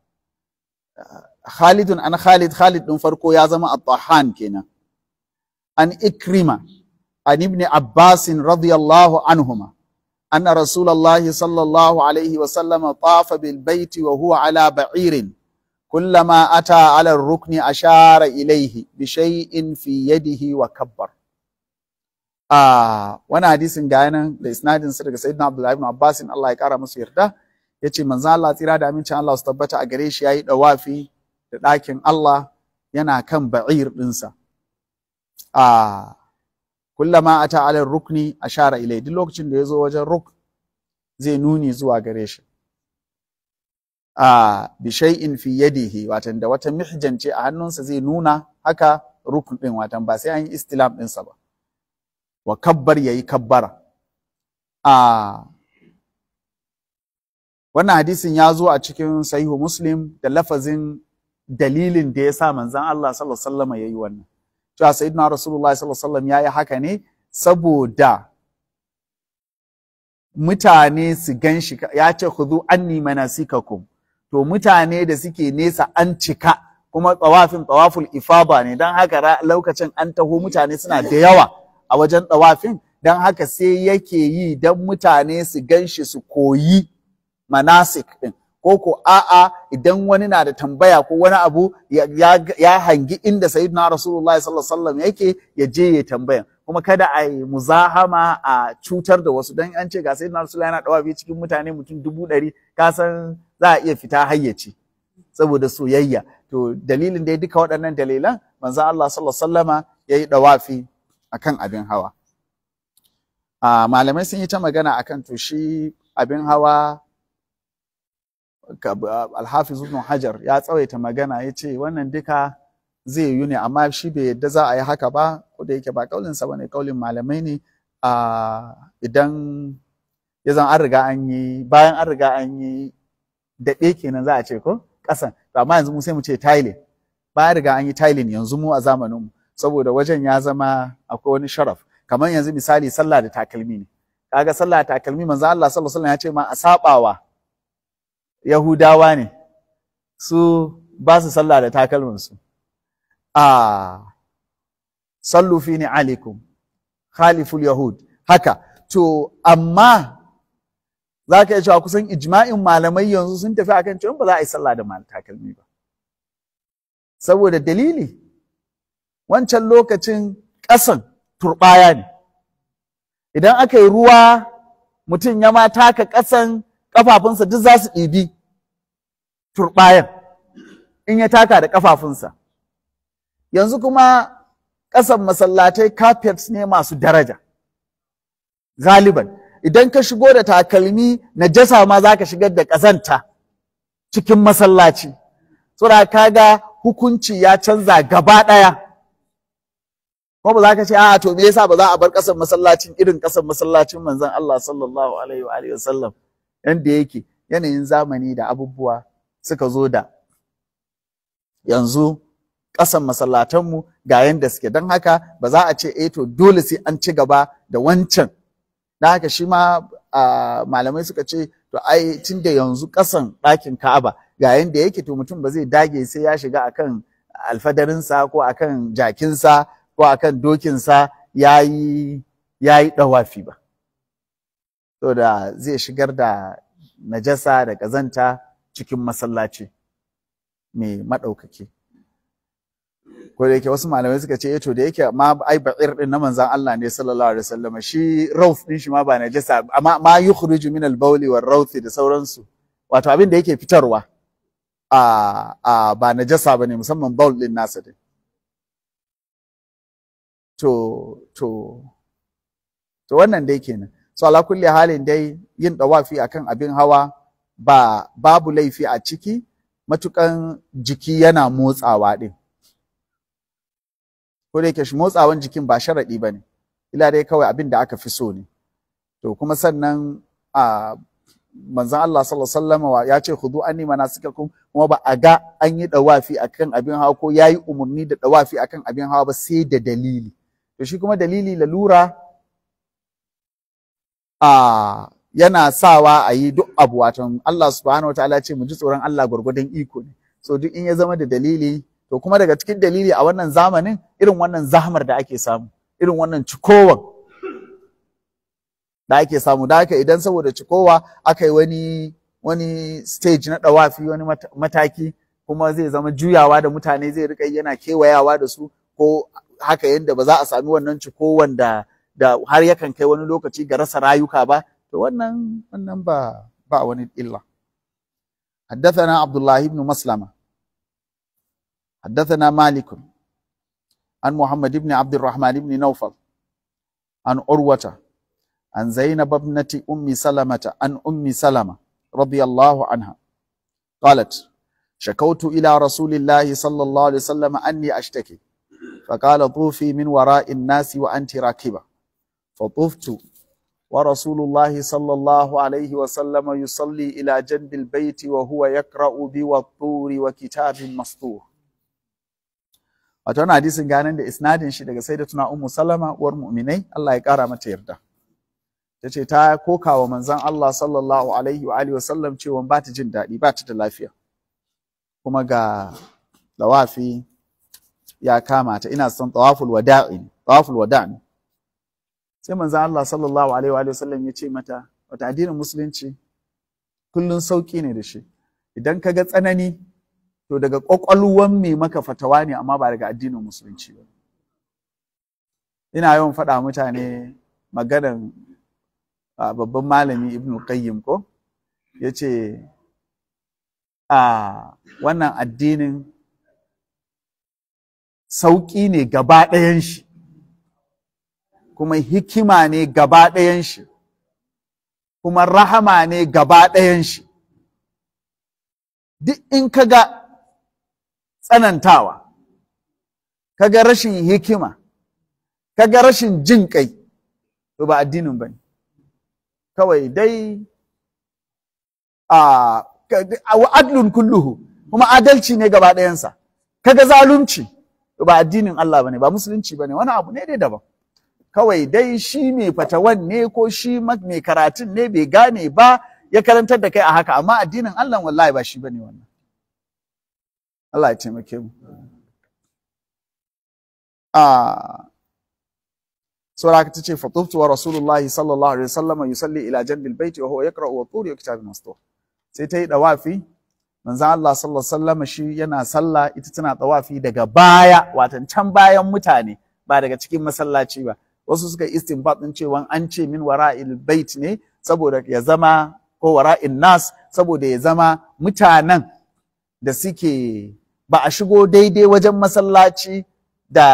Khalidun an Khalid Khalid ɗin farko ya zama Abdahan kenan an Ikrima an Ibn Abbas radiyallahu anhuma anna Rasulullahi sallallahu alaihi wa sallam tafa bil baiti wa huwa ala ba'irin kullama ata ala rukni ashara ilaihi bi shay'in fi yadihi wa kabbar a ah, wani hadisin ga yanan da isnadin sa daga sayyidina Abdullahi ibn Abbas Allah ya kara musu yarda Ya ce, manzan Allah tsira da amincin Allah su tabbata a gare shi yi ɗawafi da ɗakin Allah yana kan ba'ir ɗinsa a kullama ata ta'alar rukni shara ilai duk lokacin da ya zo wajen ruk zai nuni zuwa gare shi a bi fi yadihi watan da wata mihjance a hannunsa zai nuna haka rukun ɗin, watan ba sai an yi istilam ɗinsa ba wa kabbar yi kabbara a wannan hadisin ya zo a cikin sahihu muslim da lafazin dalilin da ya sa manzan Allah sallallahu alaihi wasallam yayi wannan cewa sayyidina rasulullahi sallallahu alaihi wasallam yayi haka ne saboda mutane su gan shi ya ce khudhu anni manasikakum to mutane da suke nesa an cika kuma tsawafin tsawaful ifaba ne don haka lokacin an taho mutane suna da yawa a wajen tsawafin don haka sai yake yi don mutane su gan shi su koyi manasik din ko ko a'a idan wani na da tambaya ko wani abu ya, hangi inda sayyidina rasulullahi sallallahu alaihi wasallam yake ya je ya tambaya kuma kada a yi muzahama a cutar da wasu dan an ce ga sayyidina rasulullahi yana dawa cikin mutane mutum dubu ɗari ka san za a iya fita hayyaci saboda soyayya to dalilin dai duka waɗannan dalilan manzo Allah sallallahu alaihi yi yayi dawafi akan abin hawa a ah, malamai sun yi ta magana akan to shi abin hawa alhafiz ibn hajar ya tsawaita magana ya ce wannan duka zai yi ne amma shi bai yadda za a yi haka ba ko da yake ba kaulinsa bane kaulin malamai ne idan ya zan an riga an yi bayan an riga an yi daɗe kenan za a ce ko ƙasan to amma yanzu mu sai mu ce tilin bayan riga an yi tailin yanzu mu a zamanin mu saboda wajen ya zama akwai wani sharaf kamar yanzu misali sallah da takalmi ne kaga sallah da takalmi manzo Allah sallallahu alaihi wasallam ya ce ma a sabawa Yahudawa ne, su ba su sallah da takalminsu. A sallufi fi alikum, khaliful Yahud, haka. To, amma za ka yi cewa kusan ijma'in malamai yanzu sun tafi akan cewa ba za a yi sallah da takalmi ba. Saboda dalili, wancan lokacin ƙasan turɓaya ne. Idan aka yi ruwa mutum ya ma taka ƙasan ƙafafunsa duk za su ɗibi turɓayan in ya taka da ƙafafunsa. Yanzu kuma ƙasan masallatai carpets ne masu daraja, galiban. Idan ka shigo da takalmi na jasa ma za ka shigar da ƙazanta cikin masallaci. Tsura ga hukunci ya canza gaba ɗaya. Ko ba za ka ce a'a to me yasa ba za a bar ƙasan masallacin irin ƙasan masallacin manzon Allah sallallahu alaihi wa sallam yanda yake yanayin zamani da abubuwa suka zo da yanzu ƙasan masallatanmu ga yadda suke don haka ba za a ce e to dole sai an ci gaba da wancan don haka shi ma malamai suka ce to ai tun da yanzu ƙasan ɗakin Ka'aba ga yadda yake to mutum ba zai dage sai ya shiga akan alfadarinsa ko akan jakinsa ko akan dokinsa ya yi ɗawafi ba. So da zai shigar da najasa da ƙazanta cikin masallaci mai maɗaukaki ko da yake wasu malamai suka ce eh to da yake ma ai ba'ir din na manzan Allah ne sallallahu alaihi wasallam shi rauf ɗin shi ma ba najasa amma ma yukhruju min al-bawl war rawth da sauransu wato abin da yake fitarwa a a ba najasa bane musamman bawl din nasa din to to to wannan dai kenan so ala kulli halin dai yin dawafi akan abin hawa ba babu laifi a ciki matukan jiki yana motsawa din ko da yake shi motsawan jikin ba sharaɗi ba ne ila dai kawai abin da aka fi so ne to kuma sannan a manzon Allah sallallahu alaihi wasallam ya ce khudu anni manasikakum kuma ba a ga an yi dawafi akan abin hawa ko yayi umurni da dawafi akan abin hawa ba sai da dalili to shi kuma dalili lalura a yana sawa a yi duk abu watan Allah subhanahu wataala ce mu ji tsoron Allah gwargwadon iko ne so duk in ya zama da dalili to kuma daga cikin dalili a wannan zamanin irin wannan zahmar da ake samu irin wannan cikowan da ake samu da haka idan saboda cikowa aka yi wani wani stage na dawafi wani mataki kuma zai zama juyawa da mutane zai rika yana kewayawa da su ko haka yanda ba za a sami wannan cikowan da har yakan kai wani lokaci ga rasa rayuka ba to wannan wannan ba ba wani illa حدثنا عبد الله بن مسلمة حدثنا مالك عن محمد بن عبد الرحمن بن نوفل عن عروة عن زينب ابنة أم سلمة عن أم سلمة رضي الله عنها قالت شكوت إلى رسول الله صلى الله عليه وسلم أني أشتكي فقال طوفي من وراء الناس وأنت راكبة فطفت ورسول الله صلى الله عليه وسلم يصلي إلى جنب البيت وهو يقرأ بوالطور وكتاب مسطور wato hadisin ganin da isnadin shi daga sayyidatuna ummu salama war mu'minai Allah ya kara mata yarda tace ta kokawa manzon Allah sallallahu alaihi wa alihi wasallam cewa ba ta jin daɗi ba ta da lafiya kuma ga dawafi ya ina son tawaful wada ne. sai manzan Allah sallallahu alaihi wa sallam ya ce mata wata addinin musulunci kullun sauƙi ne da shi idan ka ga tsanani to daga kwakwalwan mai maka fatawa ne amma ba daga addinin musulunci ba ina yawan faɗa mutane maganan ah, babban malami ibn qayyim ko ya ce a ah, wannan addinin sauƙi ne gaba ɗayan shi kuma hikima ne gaba ɗayan shi kuma rahama ne gaba ɗayan shi duk in ka ga tsanantawa ka ga rashin hikima ka ga rashin jin kai to ba addinin ba ne kawai dai a adlun kulluhu kuma adalci ne gaba ɗayansa ga zalunci to ba addinin Allah bane ba musulunci ba ne. wani abu ne dai daban kawai dai shi ne fatawan ne ko shi mai karatun ne bai gane ba ya karantar da kai a haka amma addinin Allah wallahi ba shi bane wannan Allah ya taimake mu a ka tace fatuftu wa rasulullahi sallallahu alaihi wasallam yusalli ila janbil baiti wa huwa yaqra wa turi kitab mastur sai ta yi dawafi manzon Allah sallallahu alaihi wasallam shi yana sallah ita tana dawafi daga baya watan can bayan mutane ba daga cikin masallaci ba wasu suka istinbat din cewa an ce min wara'il bait ne saboda ya zama ko wara'in nas saboda ya zama mutanen da suke ba a shigo daidai wajen masallaci da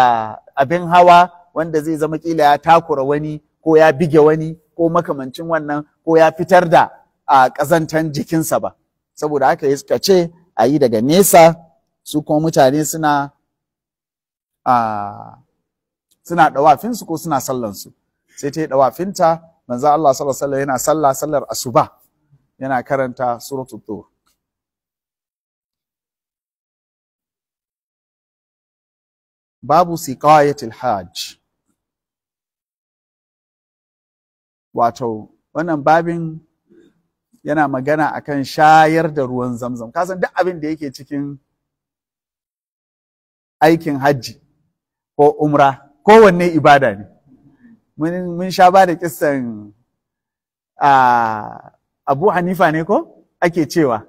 abin hawa wanda zai zama kila ya takura wani ko ya bige wani ko makamancin wannan ko ya fitar da a ƙazantan jikinsa ba saboda haka ya suka ce a yi daga nesa su kuma mutane suna a suna dawafin ko suna sallan su sai ta yi dawafinta manzo Allah sallallahu alaihi yana salla sallar asuba yana karanta suratul tur babu siqayatil hajj wato wannan babin yana magana akan shayar da ruwan zamzam kasan duk abin da yake cikin aikin hajji ko umra kowanne ibada ne mun sha ba da kissan abu hanifa ne ko ake cewa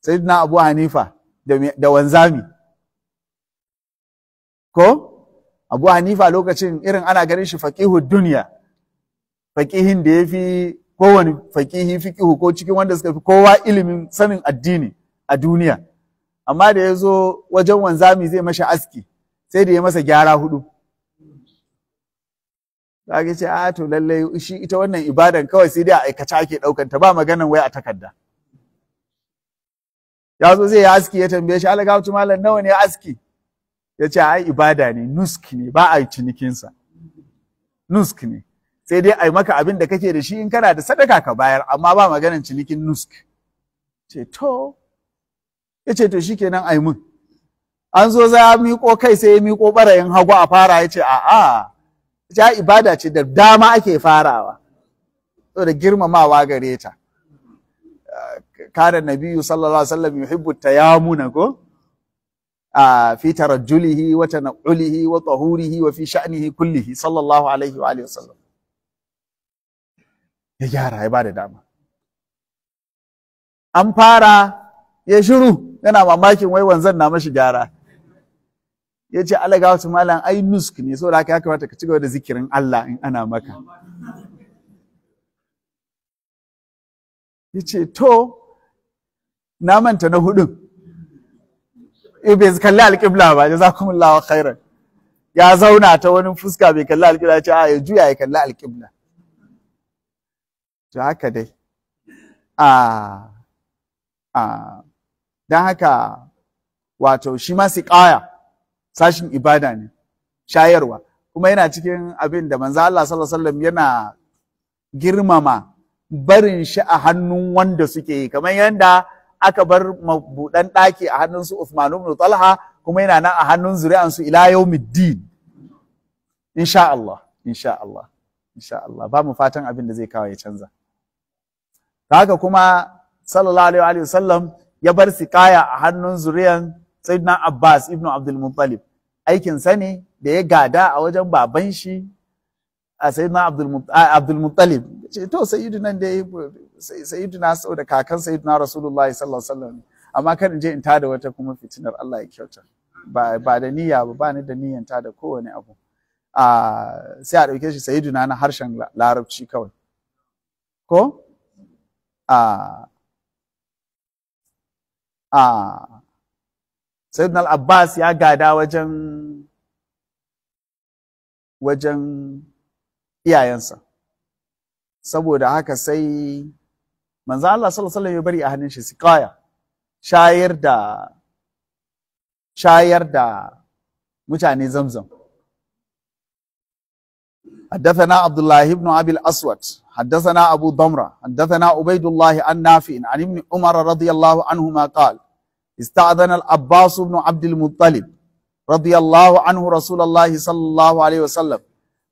sai na abu hanifa da wanzami ko abu hanifa lokacin irin ana ganin shi fakihu duniya faƙihin da ya fi kowane fi fiƙihu ko cikin wanda suka fi kowa ilimin sanin addini a duniya amma da ya zo wajen wanzami zai mashi aski sai da ya masa gyara hudu zaka ce a ah, to lalle shi ita wannan ibadan kawai sai dai a aikace ake ɗaukanta, ta ba maganan wai a takarda ya zo zai yi aski ya tambaye shi alagabtu malam nawa ne aski ya ce ai ibada ne nusk ne ba a cinikin sa nusk ne sai dai ai maka abin da kake da shi in kana da sadaka ka bayar amma ba maganan cinikin nusk ce to ya ce to ai mun an zo za miƙo kai sai ya miƙo ɓarayin hagu a fara ya ce a'a ja ibada ce da dama ake farawa da girmamawa gare ta kada nabiyyu sallallahu alaihi wasallam yuhibbu tayamuna ko fi tarajjulihi wa tanawulihi wa tahurihi wa fi sha'nihi kullihi sallallahu alaihi wa alihi wasallam ya gyara ya bada dama an fara ya shiru yana mamakin wai wanzan na mashi gyara ya ce Allah ga wasu malam ai nusk ne saboda haka ya kamata ka ci gaba da zikirin Allah in ana maka ya ce to na manta na hudun eh bai kalli alƙibla ba jazakumullahu khairan ya zauna ta wani fuska bai kalli alƙibla ya ce a ah, ya juya ya kalli alƙibla to haka dai a ah, a ah. don haka wato shi ma siƙaya sashin ibada ne shayarwa kuma yana cikin abin da manzo Allah sallallahu alaihi wasallam yana girmama barin shi a hannun wanda suke yi kamar yadda aka bar mabudan ɗaki a hannun su Uthman ibn Talha kuma yana nan a hannun zuri'an su ila yaumiddin insha Allah insha Allah insha Allah ba mu fatan abin da zai kawo ya canza haka kuma sallallahu alaihi wasallam ya bar sikaya a hannun zuri'an Sayyidina Abbas ibn Abdul Muttalib aikin sa ne da ya gada a wajen baban shi a Sayyidina Abdul Muttalib to Sayyidina da ya yi. Sayyidina sau da kakan Sayyidina Rasulullah sallallahu alaihi wasallam amma kan in je in tada wata kuma fitinar Allah ya kyauta ba ba da niyya ba ba ni da niyyan tada kowane abu a sai a dauke shi Sayyidina na harshen Larabci kawai ko a a sayyidina al-abbas ya gada wajen wajen iyayensa saboda haka sai manzo Allah sallallahu alaihi ya bari a hannun shi siqaya shayar da shayar da mutane zamzam حدثنا عبد الله بن ابي الاسود حدثنا ابو ضمره حدثنا عبيد الله عن نافع عن ابن عمر رضي الله عنهما قال استأذن العباس بن عبد المطلب رضي الله عنه رسول الله صلى الله عليه وسلم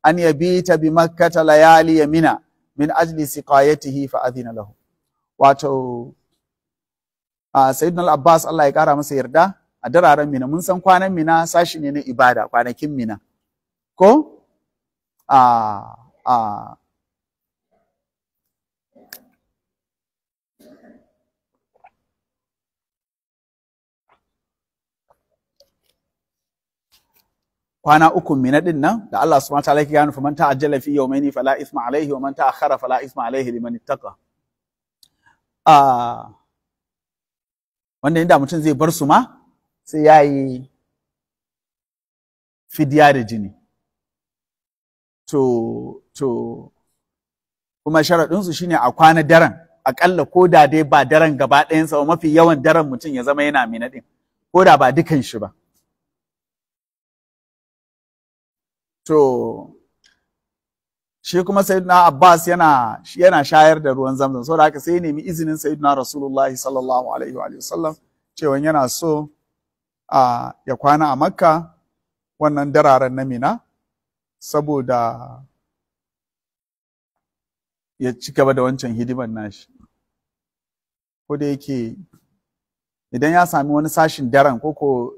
أن يبيت بمكة ليالي منى من أجل سقايته فأذن له واتو سيدنا العباس الله يكرمه masa yarda a dararen mina mun san kwanan mina sashi ne na ibada kwanakin mina ko a kwana uku mina din nan da Allah subhanahu wataala yake gano faman ta'ajjala fi yawmayni fala isma alaihi wa man ta'akhkhara fala isma alaihi liman ittaqa ah wanda inda mutum zai bar su ma sai ya yi fidiya da jini to to kuma sharadin su shine a kwana daren akalla ko da dai ba daren gaba ɗayan sa mafi yawan daren mutum ya zama yana mina din ko da ba dukan shi ba to shi kuma sayyidina Abbas yana shayar da ruwan zamzam saboda haka sai ya nemi izinin sayyidina Rasulullahi sallallahu alaihi wa sallam cewa yana so a ya kwana a Makka wannan dararen na Mina saboda ya ci gaba da wancan hidimar nashi ko da yake idan ya sami wani sashin daren ko ko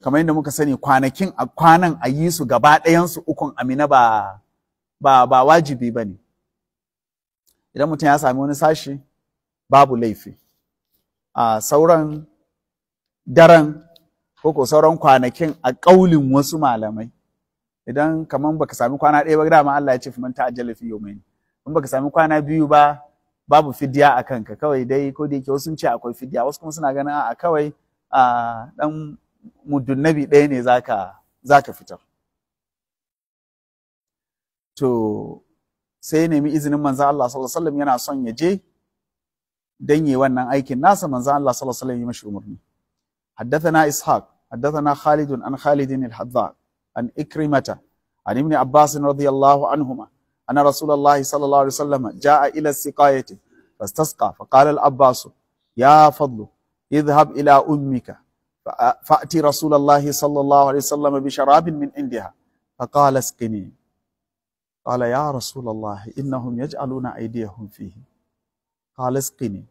kamar yadda muka sani kwanakin a kwanan a yi su gaba ɗayansu ukun amina ba ba ba wajibi ba ne idan mutum ya sami wani sashi babu laifi a sauran daren ko sauran kwanakin a ƙaulin wasu malamai idan kamar baka sami kwana ɗaya ba dama Allah ya ce man ta'ajjala fi yawmayn in baka sami kwana biyu ba babu fidiya a kanka kawai dai ko da yake wasu sun ce akwai fidiya. wasu kuma suna ganin a kawai a dan mudunnabi ɗaya ne zaka zaka fitar to sai nemi izinin manzan Allah sallallahu alaihi wasallam yana son ya je dan yi wannan aikin nasa manzan Allah sallallahu alaihi wasallam ya mashi umarni حدثنا إسحاق حدثنا خالد عن خالد الحذاء عن إكرمة عن ابن عباس رضي الله عنهما أن رسول الله صلى الله عليه وسلم جاء إلى السقاية فاستسقى فقال العباس يا فضل اذهب إلى أمك فأتي رسول الله صلى الله عليه وسلم بشراب من عندها فقال اسقني قال يا رسول الله إنهم يجعلون أيديهم فيه قال اسقني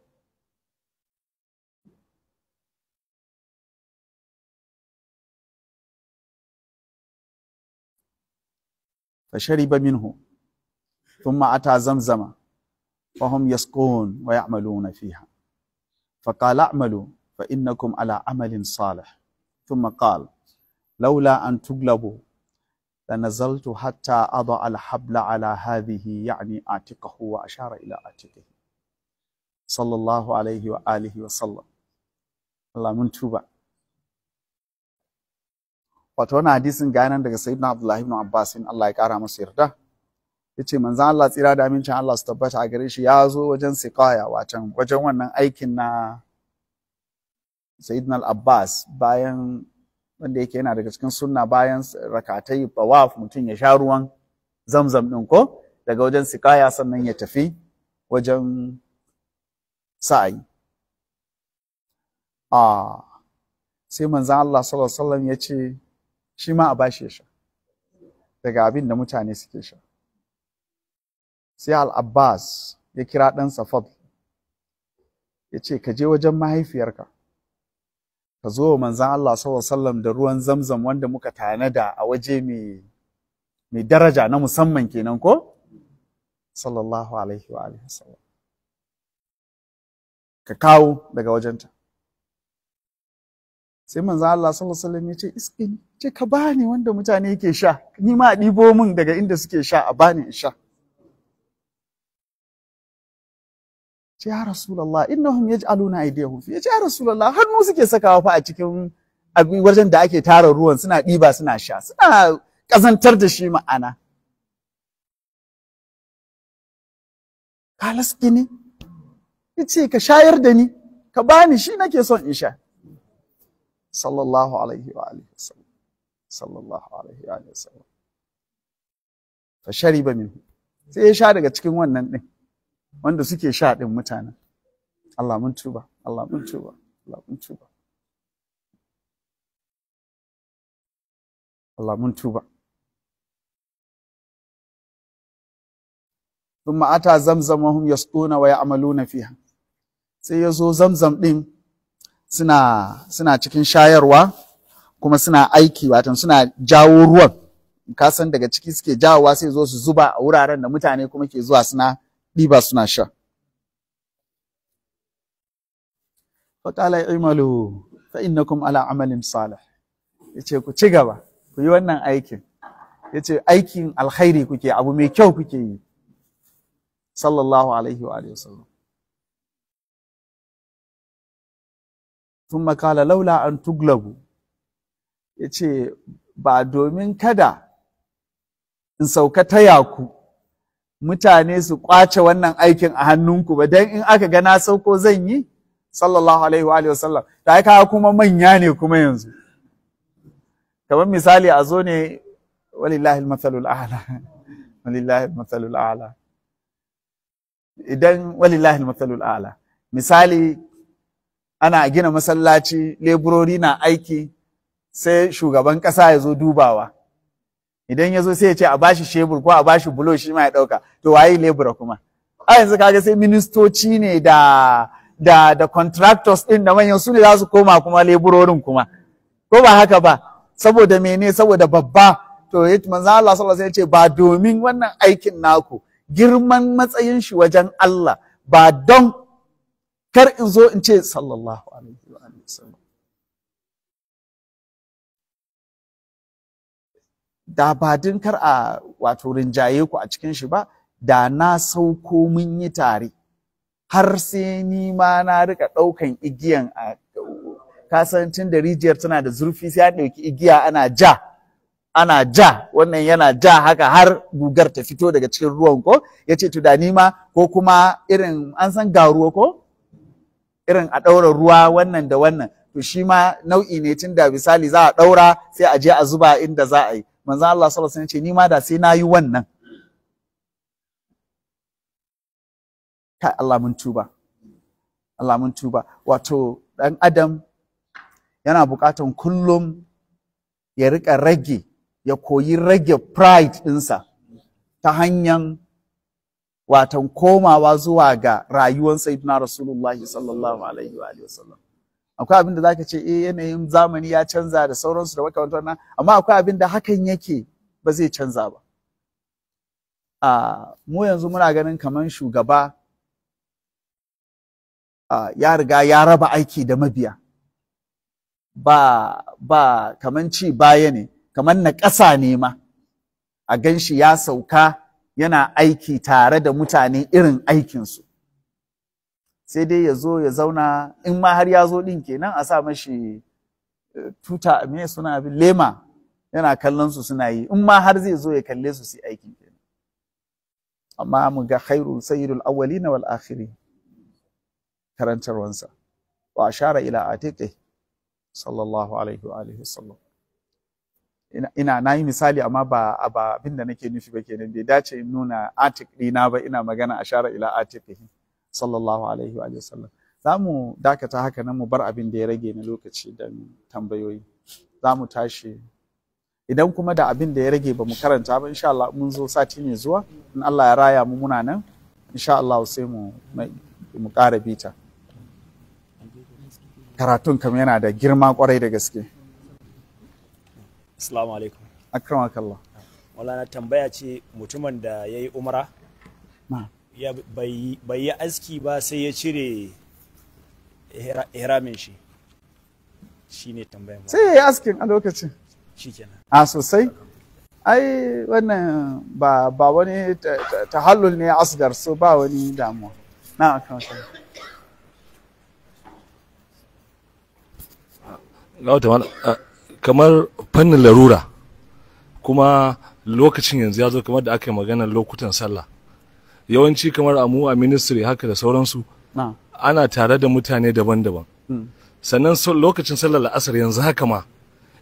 فشرب منه ثم أتى زمزم فهم يسقون ويعملون فيها فقال اعملوا فإنكم على عمل صالح ثم قال لولا أن تغلبوا لنزلت حتى أضع الحبل على هذه يعني أعتقه وأشار إلى أعتقه صلى الله عليه وآله وسلم Allah mun tuba wato wani hadisin gayanan daga sayyidina Abdullahi ibn Abbas in Allah ya kara masa yarda yace manzo Allah tsira da amincin Allah su tabbata a gare shi ya zo wajen siqaya wacan wajen wannan aikin na sayyidina al-abbas bayan wanda yake yana daga cikin sunna bayan rakatai bawaf mutum ya sha ruwan zamzam ɗin ko daga wajen sikaya sannan ya tafi wajen sa'ayi a sai manzan Allah sallallahu alaihi ya ce shi ma a bashi ya sha daga abin da mutane suke sha sai al-abbas ya kira ɗansa fadl ya ce ka je wajen mahaifiyarka ka zo manzan Allah sallam da ruwan zamzam wanda muka tanada a waje mai daraja na musamman kenan ko sallallahu alaihi wa ka kawo daga wajenta sai manzan Allah sallallahu alaihi ya ce ce ka bani wanda mutane ke sha ni ma a ɗibo min daga inda suke sha a bani in sha ce ya rasulullah innahum yaj'aluna aydiyahum fi ya rasulallah hannu suke sakawa fa a cikin abin wajen da ake tara ruwan suna diba suna sha suna ƙazantar da shi ma'ana kalaski ne yace ka shayar da ni ka bani shi nake son in sha sallallahu alaihi wa alihi sallallahu alaihi wa alihi wasallam fa shariba minhu sai ya sha daga cikin wannan din wanda suke sha ɗin mutanen Allah mun tuba Allah mun tuba Allah mun tuba Allah mun tuba ya أتى wa ya amalu na sai ya zo zamzam ɗin suna cikin shayarwa kuma suna aiki watan suna jawo ruwan kasan daga ciki suke jawowa sai zo su zuba a wuraren da mutane kuma ke zuwa suna diba suna sha faƙala imalu fa innakum ala amalin salih ce ku ci gaba ku yi wannan aikin Ya ce aikin alkhairi kuke abu mai kyau kuke yi sallallahu alaihi wa alihi wasallam thumma laula an tuglabu ce ba domin kada in sauka taya ku mutane su kwace wannan aikin a hannunku ba dan in aka ga na sauko zan yi sallallahu alaihi wa alihi wasallam ta ka kuma manya ne kuma yanzu kamar misali a zo ne walillahi almathalul a'la walillahi almathalul a'la idan walillahi almathalul a'la misali ana gina masallaci leburori na aiki sai shugaban ƙasa ya zo dubawa idan ya zo sai ya ce a bashi shebur ko a bashi bulo shi ma ya ɗauka to waye lebura kuma a yanzu kaga sai ministoci ne da da da contractors ɗin da manyan su ne za su koma kuma leburorin kuma ko ba haka ba saboda mene saboda babba to manzo Allah sallallahu alaihi ya ce ba domin wannan aikin naku girman matsayin shi wajen Allah ba don kar in zo in ce sallallahu alaihi da ba kar a wato rinjaye ku a cikin shi ba da na sauko mun yi tare har sai ni ma na rika ɗaukan igiyan a kasancin da rijiyar tana da zurfi sai ya ɗauki igiya ana ja ana ja wannan yana ja haka har gugar ta fito daga cikin ruwan ko ya ce to da ni ma ko kuma irin an san garuwa ko irin a ɗaura ruwa wannan da wannan to shi ma nau'i ne tun da misali za a ɗaura sai a je a zuba inda za a yi manzo Allah sallallahu alaihi wasallam ya ce ni ma da sai nayi wannan kai Allah mun tuba Allah mun tuba wato dan adam yana bukatan kullum ya rika rage ya koyi rage pride dinsa ta hanyar watan komawa zuwa ga rayuwar sayyidina rasulullahi sallallahu alaihi wa sallam akwai abin da zaka ce eh yanayin zamani ya canza da sauransu da makamantar wannan amma akwai abin da hakan yake ba zai canza ba a mu yanzu muna ganin kaman shugaba ya riga ya raba aiki da mabiya ba ba kaman ci baya ne kaman na ƙasa ne ma a ganshi ya sauka yana aiki tare da mutane irin aikinsu sai dai ya zo ya zauna in ma har ya zo din kenan a sa mashi eh, tuta me suna abin lema yana kallon su suna yi in ma har zai zo ya kalle su su aikin kenan amma mu ga khairul sayyidul awwalin wal akhirin karantarwansa wa ashara ila atiqi sallallahu alaihi wa alihi sallam ina na yi misali amma ba abinda abin da nake nufi ba kenan bai dace in nuna atik dina ba ina magana ashara ila atiqihi sallallahu alaihi wa sallam za mu dakata haka nan mu bar abin da ya rage na lokaci don tambayoyi za mu tashi idan kuma da abin da ya rage ba mu karanta ba insha Allah mun zo sati ne zuwa in Allah ya raya mu muna nan insha Allah sai mu mu ƙara bita karatun kam yana da girma kwarai da gaske assalamu alaikum akramakallah wala na tambaya ce mutumin da yayi umra bai yi aski ba sai ya cire hiramin shi shi ne ba. sai ya yi askin a lokacin a sosai ai wannan ba ba wani tahallul ne asgar so ba wani damuwa na akwai kamar fannin larura kuma lokacin yanzu ya zo kamar da aka yi maganar lokutan sallah yawanci kamar a mu a ministry haka da sauransu ana tare da mutane daban-daban hmm. sannan lokacin sallar la'asar yanzu haka ma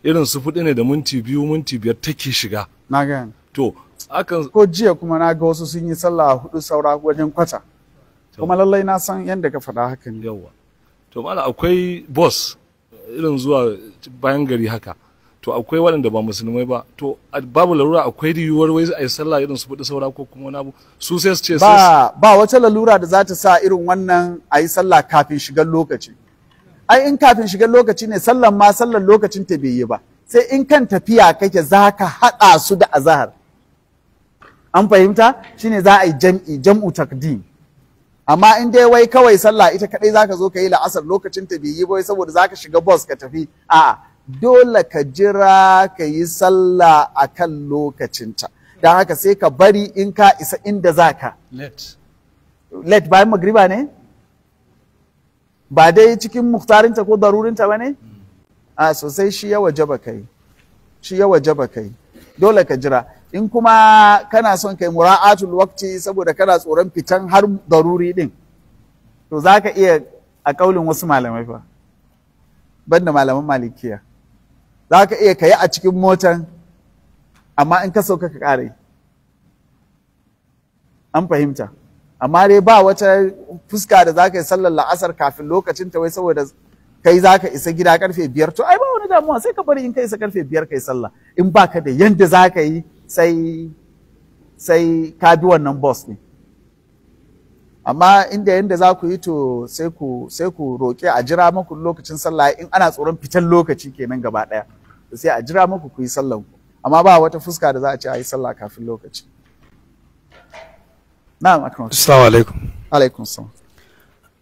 irin su fudu ne da minti biyu minti biyar take shiga na gani to akan ko jiya kuma na ga wasu sun yi sallah hudu saura wajen kwata kuma lallai na san yadda ka faɗa hakan yawa to mala akwai boss irin zuwa bayan gari haka to akwai waɗanda ba musulmai ba to babu larura akwai da yiwuwar wai a yi sallah irin su buɗe saura ko kuma wani abu su sai su ce ba ba wata lalura da za ta sa irin wannan a yi sallah kafin shigar lokaci ai in kafin shigar lokaci ne sallan ma sallan lokacin ta bai yi ba sai in kan tafiya kake za ka haɗa su da azahar an fahimta shine za a yi jam'i jam'u takdim amma in dai wai kawai sallah ita kadai ka zo ka yi la'asar lokacin ta bai yi ba saboda za ka shiga bus ka tafi a'a dole ka jira ka yi sallah a kan lokacinta don haka sai ka bari in ka isa inda za ka let bayan magriba ne ba dai cikin muktarinta ko darurinta ba ne hmm. a sosai shi ya waje ba kai shi ya waje ba kai dole ka jira in kuma kana son kai mura'atul waqti saboda kana tsoron fitan har daruri din to za ka iya a kaulin wasu malamai fa banda malaman malikiya za ka iya kayi a cikin motan amma in ka sauka ka ƙare an fahimta amma dai ba wata fuska da za ka yi sallar la'asar kafin lokacin ta wai saboda kai za ka isa gida karfe biyar to ai ba wani damuwa sai ka bari in ka isa karfe biyar ka yi sallah in ba ka da yanda za ka yi sai ka bi wannan bus ne amma inda yadda za ku yi to sai ku sai ku roƙi a jira muku lokacin sallah in ana tsoron fitan lokaci kenan gaba ɗaya sai a jira muku ku yi sallan ku amma ba wata fuska da za a ce a yi sallah kafin lokaci na'am akram assalamu alaikum alaikum salam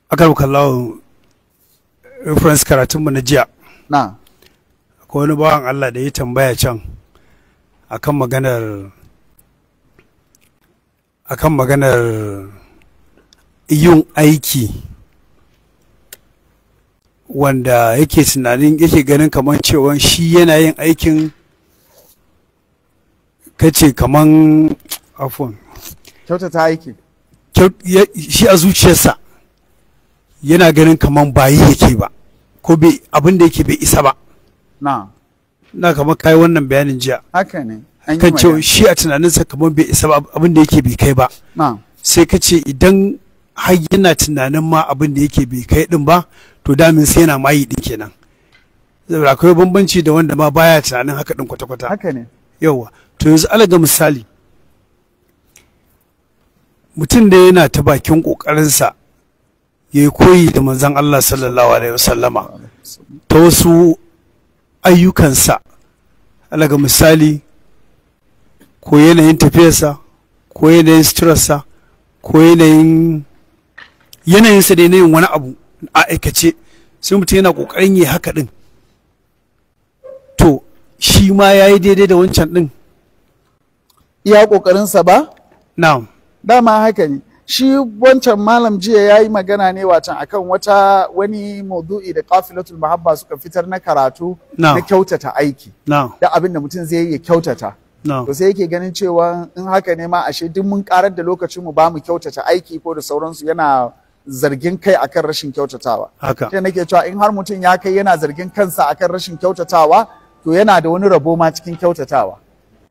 akram kallahu reference karatun mu na jiya na'am akwai wani bawan Allah da ya tambaya can akan maganar akan maganar yin aiki wanda yake tunanin yake ganin kamar cewa shi yana yin aikin kace kamar afon kyautata aiki shi a zuciyarsa yana ganin kamar bayi yake ba ko abin da yake bai isa ba na na kamar kai wannan bayanin jiya haka ne kan cewa shi a tunaninsa kamar bai isa ba abin da yake bai kai ba sai ka ce idan har yana tunanin ma abin da yake bai kai din ba to damin sai yana mayi din kenan zaura akwai bambanci da wanda ma baya tunanin haka din kwata-kwata haka ne yawa to yanzu alaga misali mutum da yana ta bakin kokarinsa ya yi koyi da manzon Allah sallallahu alaihi wasallama ta wasu ayyukansa alaga misali ko yanayin tafiyarsa ko yanayin suturarsa ko yanayin yanayinsa da na yin wani abu a aikace sai mutum yana ƙoƙarin yi haka din. to shi ma ya yi daidai da wancan din. iya ƙoƙarinsa ba? na'am dama haka ne shi wancan malam jiya ya yi magana ne wacan akan wata wani maudu'i da kafilatul mahabba suka fitar na karatu na kyautata aiki da abin da mutum zai yi kyautata to sai yake ganin cewa in haka ne ma ashe duk mun karar da lokacin mu ba mu kyautata aiki ko da sauransu yana zargin kai akan rashin kyautatawa haka sai nake cewa in har mutum ya kai yana zargin kansa akan rashin kyautatawa to yana da wani rabo ma cikin kyautatawa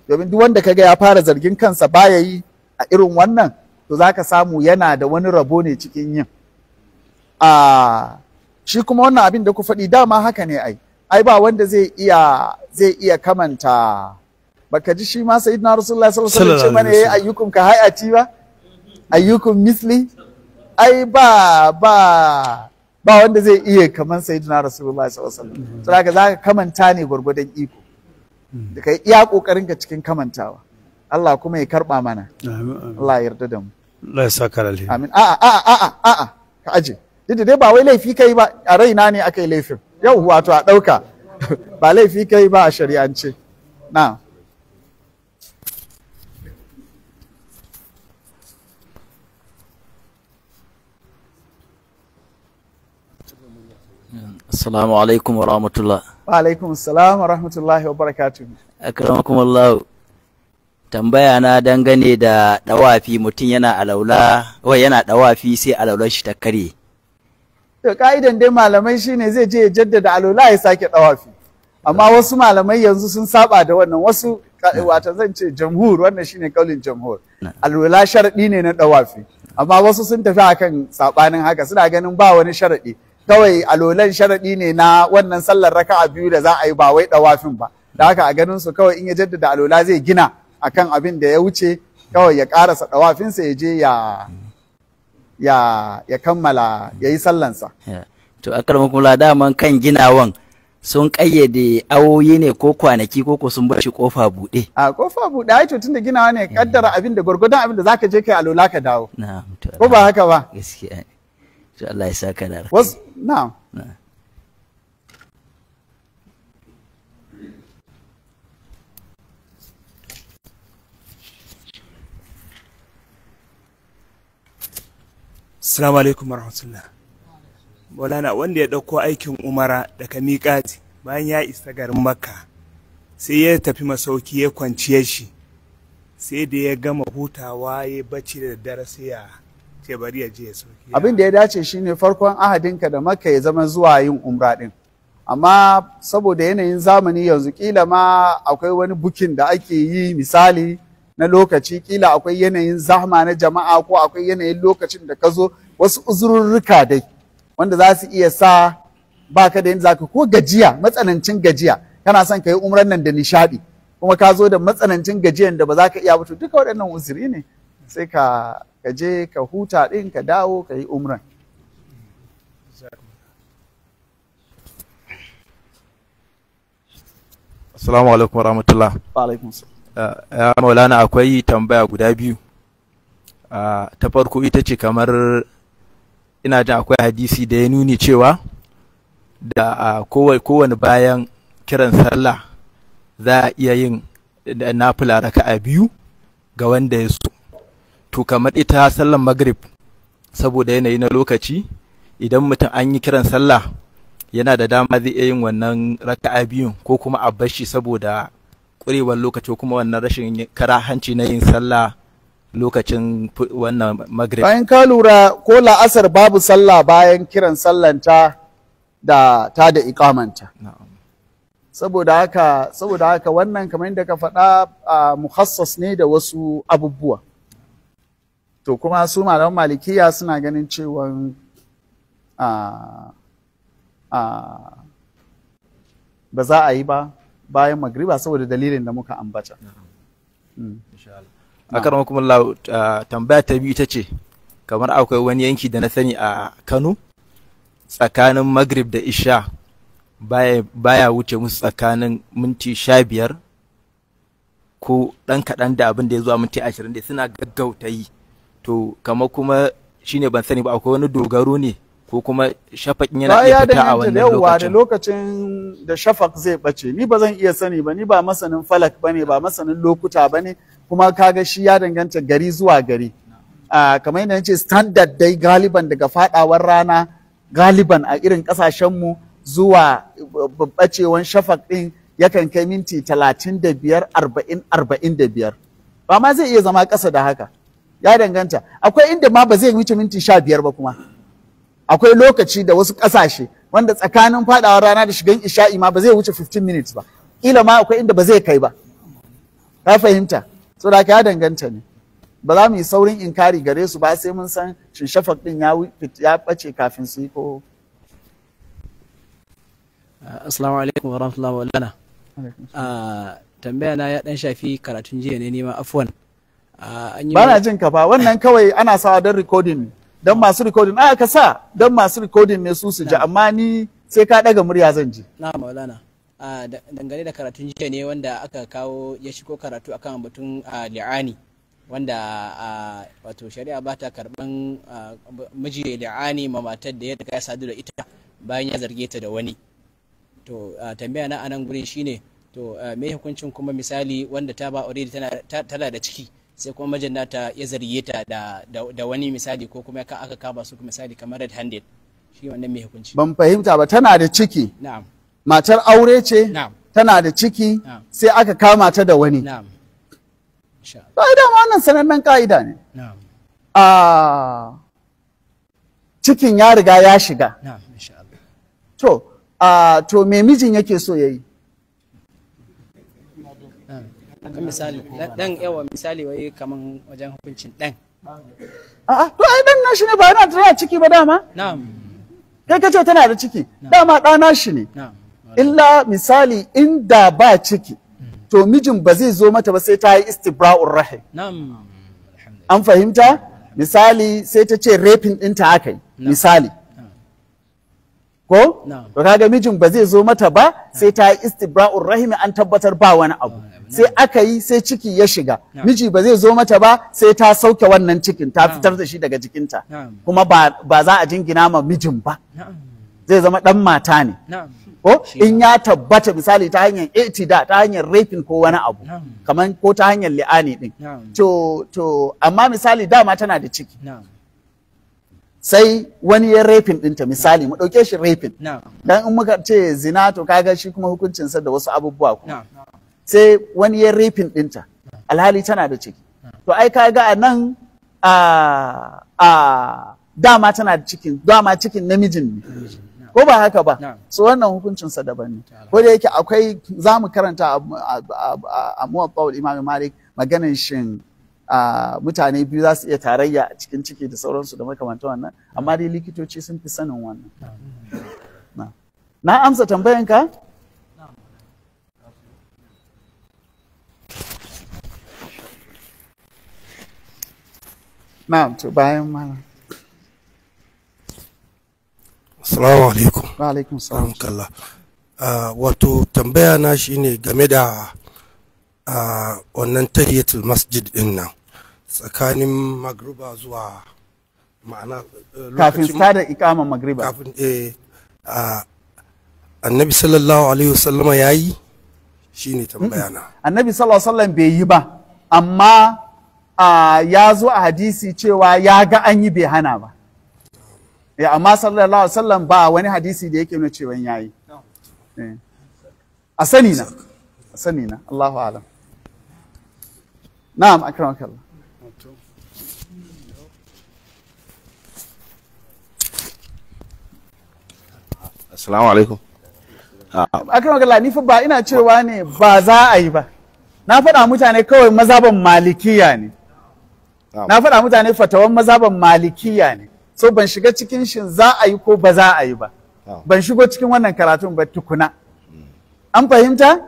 domin duk wanda kaga ya fara zargin kansa baya yi a irin wannan to zaka samu yana da wani rabo ne cikin yin a shi kuma wannan abin da ku faɗi dama haka ne ai ai ba wanda zai iya zai iya kamanta baka ji shi ma sayyidina rasulullahi sallallahu alaihi wasallam ce mana yayi ayyukum ka hayati ba ayyukum misli ai ba ba ba wanda zai iya kamar sai rasulullahi sallallahu alaihi wasallam mm-hmm. saboda zaka kamanta ne gwargwadon iko mm-hmm. da kai iya kokarin ka cikin kamantawa Allah kuma ya karba mana Allah ya yarda da mu Allah ya saka alheri amin a a a a a a ka aje duk dai ba wai laifi kai ba a raina ne aka yi laifin yau wato a dauka ba laifi kai ba a shari'ance na'am Assalamu alaikum wa rahmatullah. Wa alaikum salam wa rahmatullahi wa barakatuh. Akramakum Allah. Tambaya na dangane da dawafi mutum yana alaula, wai yana dawafi sai alaular shi ta kare. To ka'idan dai malamai shine zai je ya jaddada alaula ya sake dawafi. Amma wasu malamai yanzu sun saba da wannan wasu wata zan ce jamhur wannan shine kaulin jamhur. Alaula sharadi ne na dawafi. Amma wasu sun tafi akan sabanin haka suna ganin ba wani sharadi. kawai alolan sharaɗi ne na wannan sallar raka'a biyu da za a yi ba wai ɗawafin ba da haka a ganin su kawai in ya jaddada alola zai gina akan abin da ya wuce kawai ya ƙarasa ɗawafinsa ya je ya ya ya kammala ya yi sallansa to a kula daman kan ginawan sun kayyade awoyi ne ko kwanaki ko ko sun bashi kofa buɗe. A kofa buɗe ai to tunda ginawa ne kaddara eh. abin da gwargwadon abin da zaka je kai alola ka dawo. Ko ba haka ba? Gaskiya. Shi Allah ya saka da Wasu, na'am Assalamu alaikum rahmatullah. Maulana wanda ya ɗauko aikin umara daga miƙati bayan ya isa garin Makka sai ya tafi masauki ya kwanciyar shi sai da ya gama hutawa ya bacci da daddare sai ya ce bari ya je ya abin da ya dace shine farkon ahadinka da maka ya zama zuwa yin umra din amma saboda yanayin zamani yanzu kila ma akwai wani bukin da ake yi misali na lokaci kila akwai yanayin zahma na jama'a ko akwai yanayin lokacin da ka zo wasu uzururruka dai wanda za su iya sa baka da yin zaka ko gajiya matsanancin gajiya kana son ka yi umran nan da nishadi kuma ka zo da matsanancin gajiyan da ba za ka iya ba to duka waɗannan uzuri ne sai ka ka je ka huta ɗin ka dawo ka yi umran Assalamu alaikum warahmatullah. Wa alaikum eh, Ya Maulana akwai tambaya guda biyu. Ah, ta farko ita ce kamar ina jin akwai hadisi da ya nuni cewa da ah, kowane bayan kiran sallah za a iya yin eh, nafila raka'a biyu ga wanda ya so. to kamar ita sallan magrib saboda yanayi na lokaci idan mutum an yi kiran sallah yana da dama zai yin wannan raka'a biyun ko kuma a bashi saboda ƙurewar lokaci ko kuma wannan rashin kara hanci na yin sallah lokacin wannan magrib bayan ka lura ko la'asar babu sallah bayan kiran sallanta da ta da ikamanta saboda haka wannan kamar yadda ka faɗa ah, muhassas ne da wasu abubuwa to kuma su malaman malikiya suna ganin cewa ba za a yi ba bayan magriba saboda dalilin da muka ambata. Mm. a karan kuma tambaya ta biyu ita ce kamar akwai wani yanki da na sani a kano tsakanin magrib da isha baya wuce musu tsakanin minti sha biyar ko ɗan kaɗan da abin da ya zuwa minti ashirin da suna gaggauta yi to kamar kuma shine ban sani ba akwai wani dogaro ne ko kuma shafak yana iya fita a wannan lokacin yawa da lokacin da shafak zai bace ni ba zan iya sani ba ni ba masanin falak bane ba masanin lokuta bane kuma kaga shi ya danganta gari zuwa gari uh, kamar yadda nace standard dai galiban daga fadawar rana galiban a irin kasashen mu zuwa bacewan shafak din yakan kai minti talatin da biyar arba'in arba'in da biyar ba ma zai iya zama ƙasa da haka ya danganta akwai inda ma ba zai wuce minti sha biyar ba kuma akwai lokaci da wasu ƙasashe wanda tsakanin faɗawar rana da shigan isha'i ma ba zai wuce 15 minutes ba kila ma akwai inda ba zai kai ba ka fahimta so da ya danganta ne ba za mu yi saurin inkari gare su ba sai mun san shin din ya ya bace kafin su yi ko assalamu alaikum wa rahmatullahi wa ah, tambaya na ya dan shafi karatun jiya ne nima afwan Ah, ba na jin ka fa wannan kawai ana sawa don recording don masu recording a ah, ka sa don masu recording ne su su ji amma ni sai ka daga murya zan ji na maulana ah, dangane da karatun jiya ne wanda aka kawo ya shigo karatu akan batun li'ani wanda wato shari'a ba ta karban miji li'ani ma matar da ya riga ya sadu da ita bayan ya zarge ta da wani to tambaya na anan gurin shine to me hukuncin kuma misali wanda ta ba already tana da ciki sai kuma majin ta ya zarge ta da, wani misali ko kuma ka aka kaba su misali kamar red handed shi wannan mai hukunci ban fahimta ba tana da ciki na'am matar aure ce na'am tana da ciki sai aka kama ta da wani na'am Allah ba wannan sanannen ka'ida ne na'am a ah, cikin ya riga ya shiga na'am insha Allah to a ah, to me mijin yake so yayi haka misali dan yawa misali wai wajen hukuncin a'a to ai dan nashi ne ba yana tana ciki ba dama na'am kai kace tana da ciki dama da nashi ne illa misali inda ba ciki to mijin ba zai zo mata ba sai ta yi istibra'ur rahim na'am an fahimta misali sai ta ce rapin ɗinta aka yi misali ko to kaga mijin ba zai zo mata ba sai ta yi istibra'ur rahimi an tabbatar ba wani abu sai aka yi sai ciki ya shiga miji ba zai zo mata ba sai ta sauke wannan cikin ta fitar da shi daga jikinta kuma ba za a jingina ma mijin ba zai zama dan mata ne ko in ya tabbata misali ta hanyar itida ta hanyar rafin ko wani abu kamar ko ta hanyar li'ani din to to amma misali dama tana da ciki sai wani ya rafin dinta, misali mu ɗauke shi rafin dan in muka ce zina to kaga shi kuma hukuncin hukuncinsa da wasu abubuwa ko. sai wani ya rifin ɗinta alhali tana da ciki to ai ka ga a nan a dama tana da cikin dama cikin namijin ne ko ba haka ba so wannan sa daban ne ko da yake akwai zamu karanta a muwaffa'ul imam malik maganin shin mutane biyu za su iya tarayya a cikin ciki da sauransu da makamantan wannan amma dai likitoci sun fi sanin wannan na amsa tambayanka na'am to bayan mana assalamu alaikum wa alaikum salam kallah ah, wato tambaya na shine game da ah, wannan tahiyatul masjid din nan tsakanin magruba zuwa ma'ana eh, kafin sada ikama magruba kafin eh ah, annabi sallallahu alaihi wasallama yayi shine tambaya na annabi sallallahu alaihi wasallam bai yi ba amma ya zo a hadisi cewa ya ga an yi bai hana ba ya eh, amma sallallahu alaihi wasallam ba wani hadisi da yake nuna cewa yayi eh, a sani na a sani na Allahu alam na'am akramaka Allah Assalamu alaikum ah, akramaka Allah ni fa ba ina cewa ne ba za a yi ba na faɗa mutane kawai mazaban malikiya ne na faɗa mutane fatawan mazhaban malikiya ne so ban shiga cikin shin za a yi ko ba za a yi ba ban shigo cikin wannan karatun ba tukuna hmm. an fahimta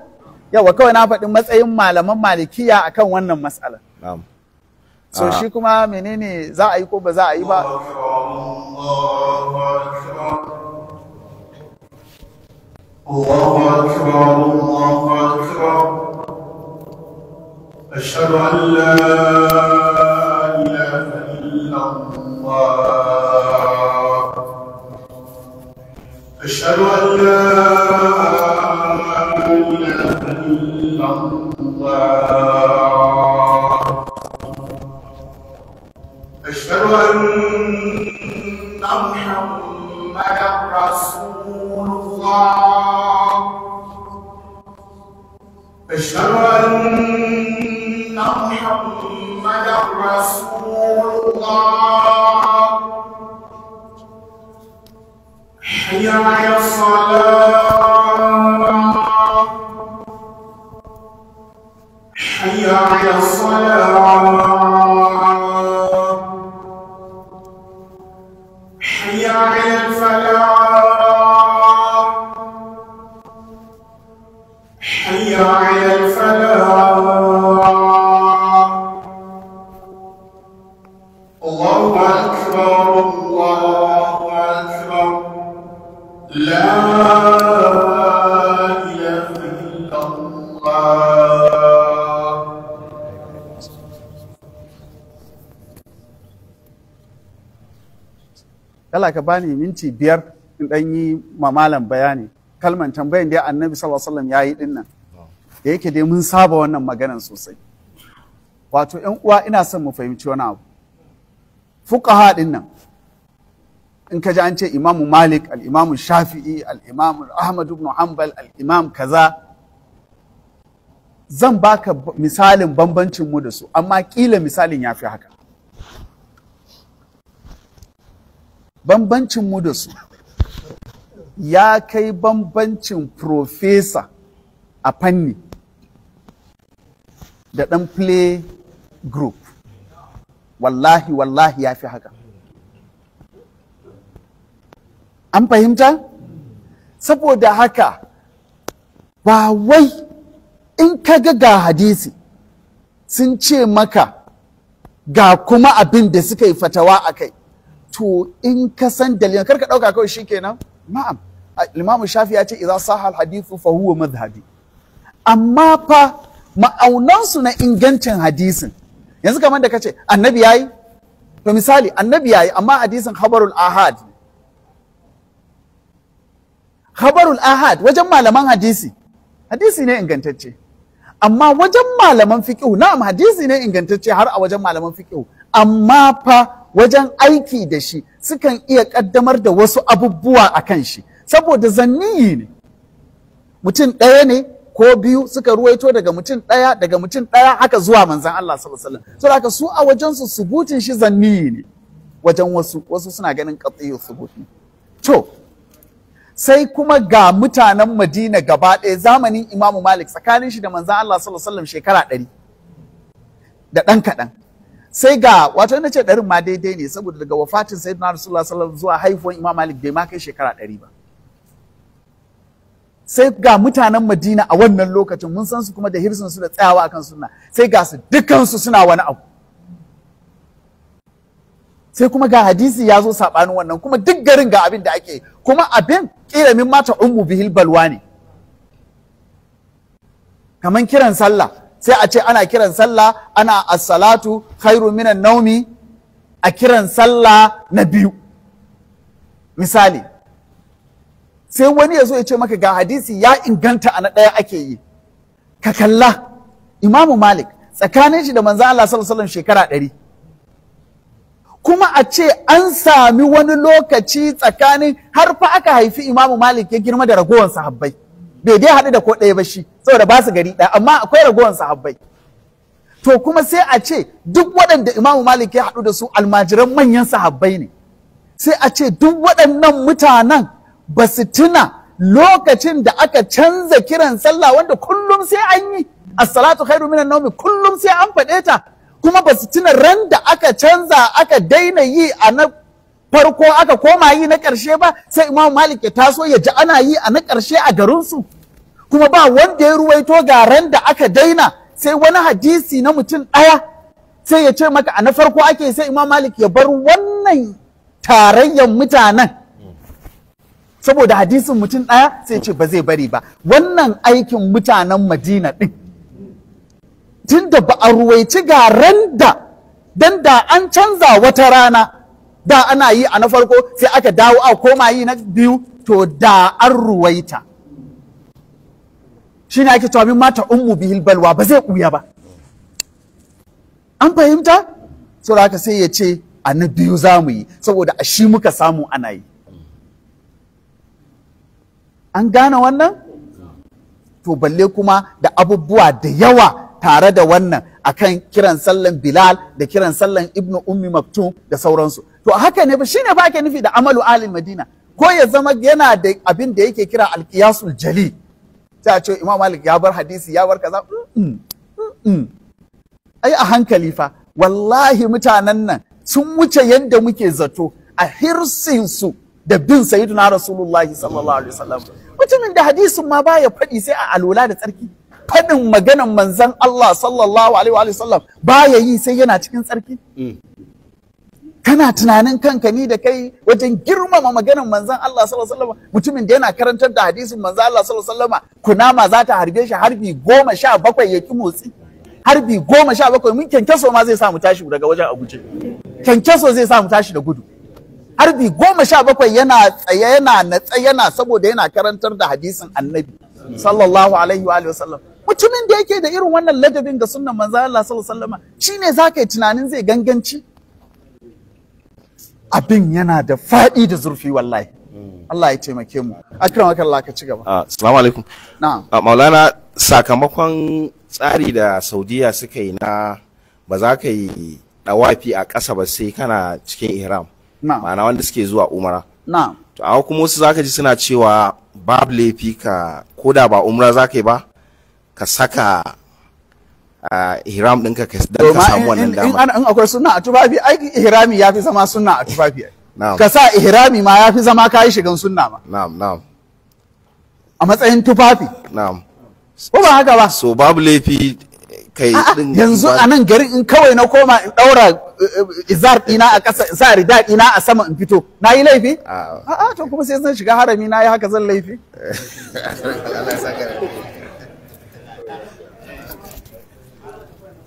yawa kawai na faɗi matsayin malaman malikiya akan wannan matsalar so ah. shi kuma menene za a yi ko ba za a yi ba Allahu أشهد أن لا إله إلا الله أشهد أن محمدا رسول الله أشهد أن محمدا رسول الله حي على الصلاه Allah ka bani minti biyar in dan yi mamalan bayani kalman tambayan da annabi sallallahu alaihi wasallam yayi din nan da yake dai mun saba wannan maganan sosai wato ƴan uwa ina son mu fahimci wani abu fuqaha din nan in ka ji an ce imamu malik al-imamu shafi'i al-imamu ahmad ibn hanbal al-imam kaza zan baka misalin bambancin mu da su amma kila misalin ya fi haka bambancin mu da su ya kai bambancin profesa a fanni da ɗan play group wallahi wallahi ya fi haka an fahimta saboda haka ba wai in ka ga ga hadisi sun ce maka ga kuma abin da suka yi fatawa a kai to in ka san dalilin kar ka dauka kawai shikenan na'am Imam Shafi ya ce idza sahal hadithu fa huwa madhhabi amma fa ma'aunansu na ingancin hadisin yanzu kamar da kace annabi yayi to misali annabi yayi amma hadisin khabarul ahad khabarul ahad wajen malaman hadisi hadisi ne ingantacce amma wajen malaman fiqh na'am hadisi ne ingantacce har a wajen malaman fiqh amma fa wajen aiki da shi sukan iya ƙaddamar da wasu abubuwa a kan shi saboda zanniyi ne mutum ɗaya ne ko biyu suka ruwaito daga mutum ɗaya daga mutum ɗaya haka zuwa manzan Allah sallallahu alaihi wasallam saboda su a wajensu subutin shi zanniyi ne wajen wasu wasu suna ganin qat'iyyu subutin to sai kuma ga mutanen Madina gaba ɗaya zamanin Imamu Malik tsakanin shi da manzan Allah sallallahu alaihi wasallam shekara ɗari da ɗan kaɗan sai ga wato ina ce ɗarin ma daidai ne saboda daga wafatin sayyidina rasulullah sallallahu alaihi zuwa haifuwan imam malik bai ma kai shekara ɗari ba sai ga mutanen madina a wannan lokacin mun san su kuma da hirsun su da tsayawa akan sunna sai ga su dukansu suna wani abu sai kuma ga hadisi ya zo saɓanin wannan kuma duk garin ga abin da ake kuma abin kila mata ummu bihil balwa ne kaman kiran sallah sai a ce ana kiran sallah ana assalatu salatu khairu minan naumi a kiran sallah na biyu misali sai wani ya zo ya ce maka ga hadisi ya inganta a na ɗaya ake yi ka kalla imamu malik tsakanin shi da manzan Allah sallallahu alaihi shekara ɗari kuma a ce an sami wani lokaci tsakanin har fa aka haifi imamu malik ya girma da ragowar sahabbai bai dai haɗu da ko ɗaya ba shi saboda ba su gari ɗaya amma akwai ragowar sahabbai to kuma sai a ce duk waɗanda imamu malik ya haɗu da su almajiran manyan sahabbai ne sai a ce duk waɗannan mutanen ba su tuna lokacin da aka canza kiran sallah wanda kullum sai an yi Assalatu salatu khairu minan nawmi kullum sai an faɗe ta kuma ba su tuna ran da aka canza aka daina yi a na farko aka koma yi na ƙarshe ba sai imam malik ya taso ya ji ana yi a na ƙarshe a garinsu kuma ba wanda ya ruwaito garan da aka daina sai wani hadisi na mutum ɗaya sai ya ce maka a na farko ake sai imam malik ya bar wannan tarayyar mutanen saboda hadisin mutum ɗaya sai ce ba zai bari ba wannan aikin mutanen madina ɗin tunda ba a ruwaici garan da don da an canza wata rana da ana yi a na farko sai aka dawo a koma yi na biyu to da an ruwaita shine ake cewa min mata ummu bihil balwa ba zai kuya ba an fahimta saboda haka sai ya ce a na biyu za mu yi saboda a shi muka samu ana yi an gane wannan to balle kuma da abubuwa da yawa tare da wannan akan kiran sallan Bilal da kiran sallan Ibn Ummi Maktum da sauransu to haka ne ba shine ba ake nufi da amalu Alin Madina ko ya zama yana da abin da yake kira alqiyasul jali sai a ce imam malik ya bar hadisi ya bar kaza mm, mm, mm. ai a hankali fa wallahi mutanen nan sun wuce yadda muke zato a hirsinsu da bin sayyiduna rasulullahi sallallahu alaihi wasallam mutumin da hadisin ma baya faɗi sai a alola da tsarki faɗin maganan manzon Allah sallallahu alaihi wasallam baya yi sai yana cikin tsarki kana tunanin kanka ni da kai wajen girmama maganar manzon Allah sallallahu alaihi wasallam mutumin da yana karantar da hadisin manzon Allah sallallahu alaihi wasallam kunama za ta harbe shi harbi goma sha bakwai ya ki motsi harbi goma sha bakwai mun kyankyaso ma zai sa mu tashi daga wajen Abuja kyankyaso zai sa mu tashi da gudu harbi goma sha bakwai yana tsaye yana natsa yana saboda yana karantar da hadisin annabi sallallahu alaihi wa sallam mutumin da yake da irin wannan ladabin da sunnan Manzan Allah sallallahu alaihi wasallam shine zaka yi tunanin zai ganganci abin yana da faɗi da zurfi wallahi hmm. Allah ya taimake mu akram aka Allah ka ci gaba ah, assalamu alaikum na'am ah, maulana sakamakon tsari da saudiya suka yi na ba za ka yi dawafi a ƙasa ba sai kana cikin ihram ma'ana wanda suke zuwa umara na'am to a kuma wasu zaka ji suna cewa babu laifi ka koda ba umra ka yi ba ka saka hiram ah, ɗinka ka samu wannan dama in akwai sunna a tufafi ai ihrami fi zama sunna a tufafi ka sa ihrami ma ya fi zama ka yi shigan sunna ma na'am na'am a matsayin tufafi na'am ko ba haka ba so babu laifi kai din yanzu a nan gari in kawai na koma in ɗaura eh, eh, izar ɗina a ƙasa sa rida ɗina a sama in fito na yi laifi a'a to kuma sai zan shiga harami na yi haka zan laifi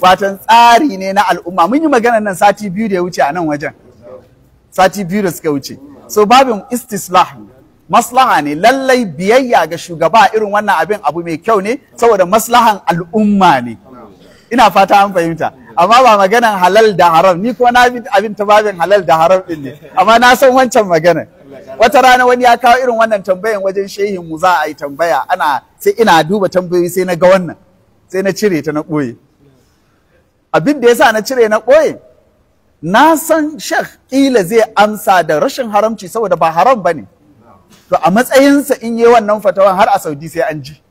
Fatan tsari ne na al'umma mun yi maganar nan sati biyu da ya wuce a nan wajen sati biyu da suka wuce so babin istislah maslaha ne lallai biyayya ga shugaba irin wannan abin abu mai kyau ne saboda maslahan al'umma ne ina fata an fahimta amma ba maganan halal da haram ni kuma na abin ta babin halal da haram din ne amma na san wancan magana. wata rana wani ya kawo irin wannan tambayan wajen shehin mu za a yi tambaya ana sai ina duba tambayoyi sai na ga wannan sai na cire ta na ɓoye abin da ya sa na cire na ɓoye na san shek ƙila zai amsa da rashin haramci saboda ba haram ba ne to a matsayinsa in yi wannan fatawan har a saudi sai an ji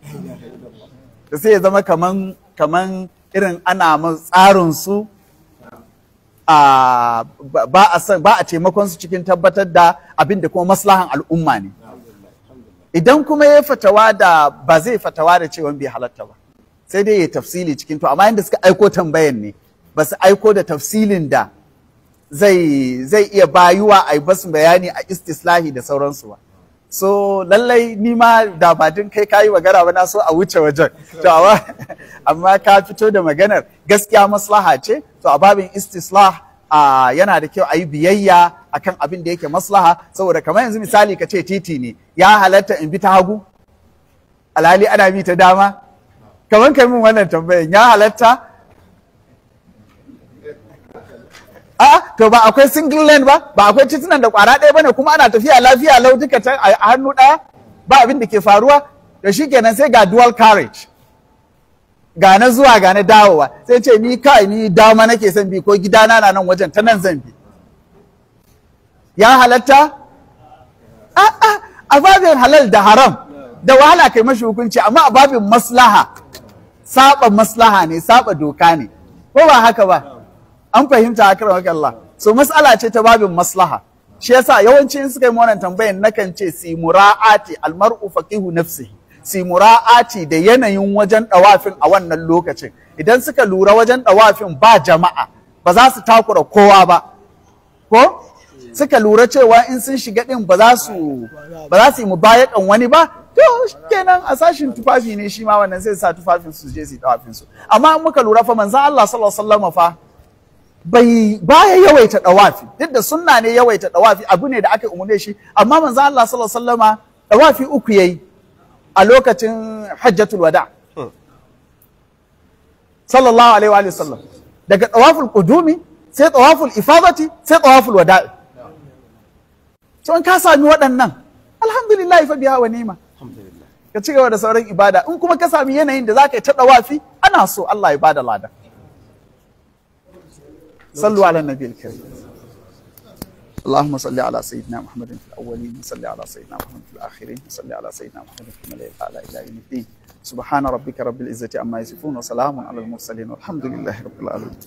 da sai ya zama kaman irin ana tsarin su ba a taimakon su cikin tabbatar da abin da kuma maslahan al'umma ne idan kuma ya fatawa da ba zai fatawa da cewa bai halatta ba sai dai ya tafsili cikin to amma yadda suka aiko tambayan ne ba su aiko da tafsilin da zai iya bayuwa a yi basu bayani a istislahi da sauransu ba so lallai ni ma da ba din kai kayi magana ba na so a wuce wajen to amma ka fito da maganar gaskiya maslaha ce to a babin istislah yana da kyau a yi biyayya akan abin da yake maslaha saboda kamar yanzu misali ka ce titi ne ya halatta in bi ta hagu alhali ana bi ta dama kamar kai min wannan tambayan ya halatta a to ba akwai single lane ba ba akwai titunan da kwara ɗaya bane kuma ana tafiya lafiya lau duka can a hannu ɗaya ba abin da ke faruwa da shi kenan sai ga dual carriage ga na zuwa ga dawowa sai ce ni kai ni dama nake son bi ko gidana na nan wajen ta nan zan bi ya halatta a a a halal da haram da wahala kai mashi hukunci amma a babin maslaha saba maslaha ne saba doka ne ko ba haka ba an fahimta haka akramaka Allah so mas'ala ce ta babin maslaha shi yasa yawanci in suka yi wannan tambayar nakan ce si mura'ati almar'u faqihu nafsihi si mura'ati da yanayin wajen dawafin a wannan lokacin idan suka lura wajen dawafin ba jama'a ba za su takura kowa ba ko suka lura cewa in sun shiga din ba za su ba za su yi mubayakan wani ba to kenan a sashin tufafi ne shi ma wannan sai sa tufafin su je su tawafin su amma in muka lura fa manzon Allah sallallahu alaihi wasallam fa bai baya yawaita dawafi duk da sunna ne yawaita dawafi abu ne da aka umune shi amma manzon Allah sallallahu alaihi wasallama dawafi uku yayi a lokacin hajjatul wada sallallahu alaihi wa sallam daga tawaful qudumi sai tawaful ifadati sai tawaful wada to in ka sami waɗannan alhamdulillah fa biya wa ni'ma ka ci gaba da sauran ibada in kuma ka sami yanayin da zaka yi ta dawafi ana so Allah ya bada lada sallu ala nabiyil karim اللهم صل على سيدنا محمد في الاولين وصل على سيدنا محمد في الاخرين وصل على سيدنا محمد في الملائكه الاعلى الى يوم الدين سبحان ربك رب العزه عما يصفون وسلام على المرسلين والحمد لله رب العالمين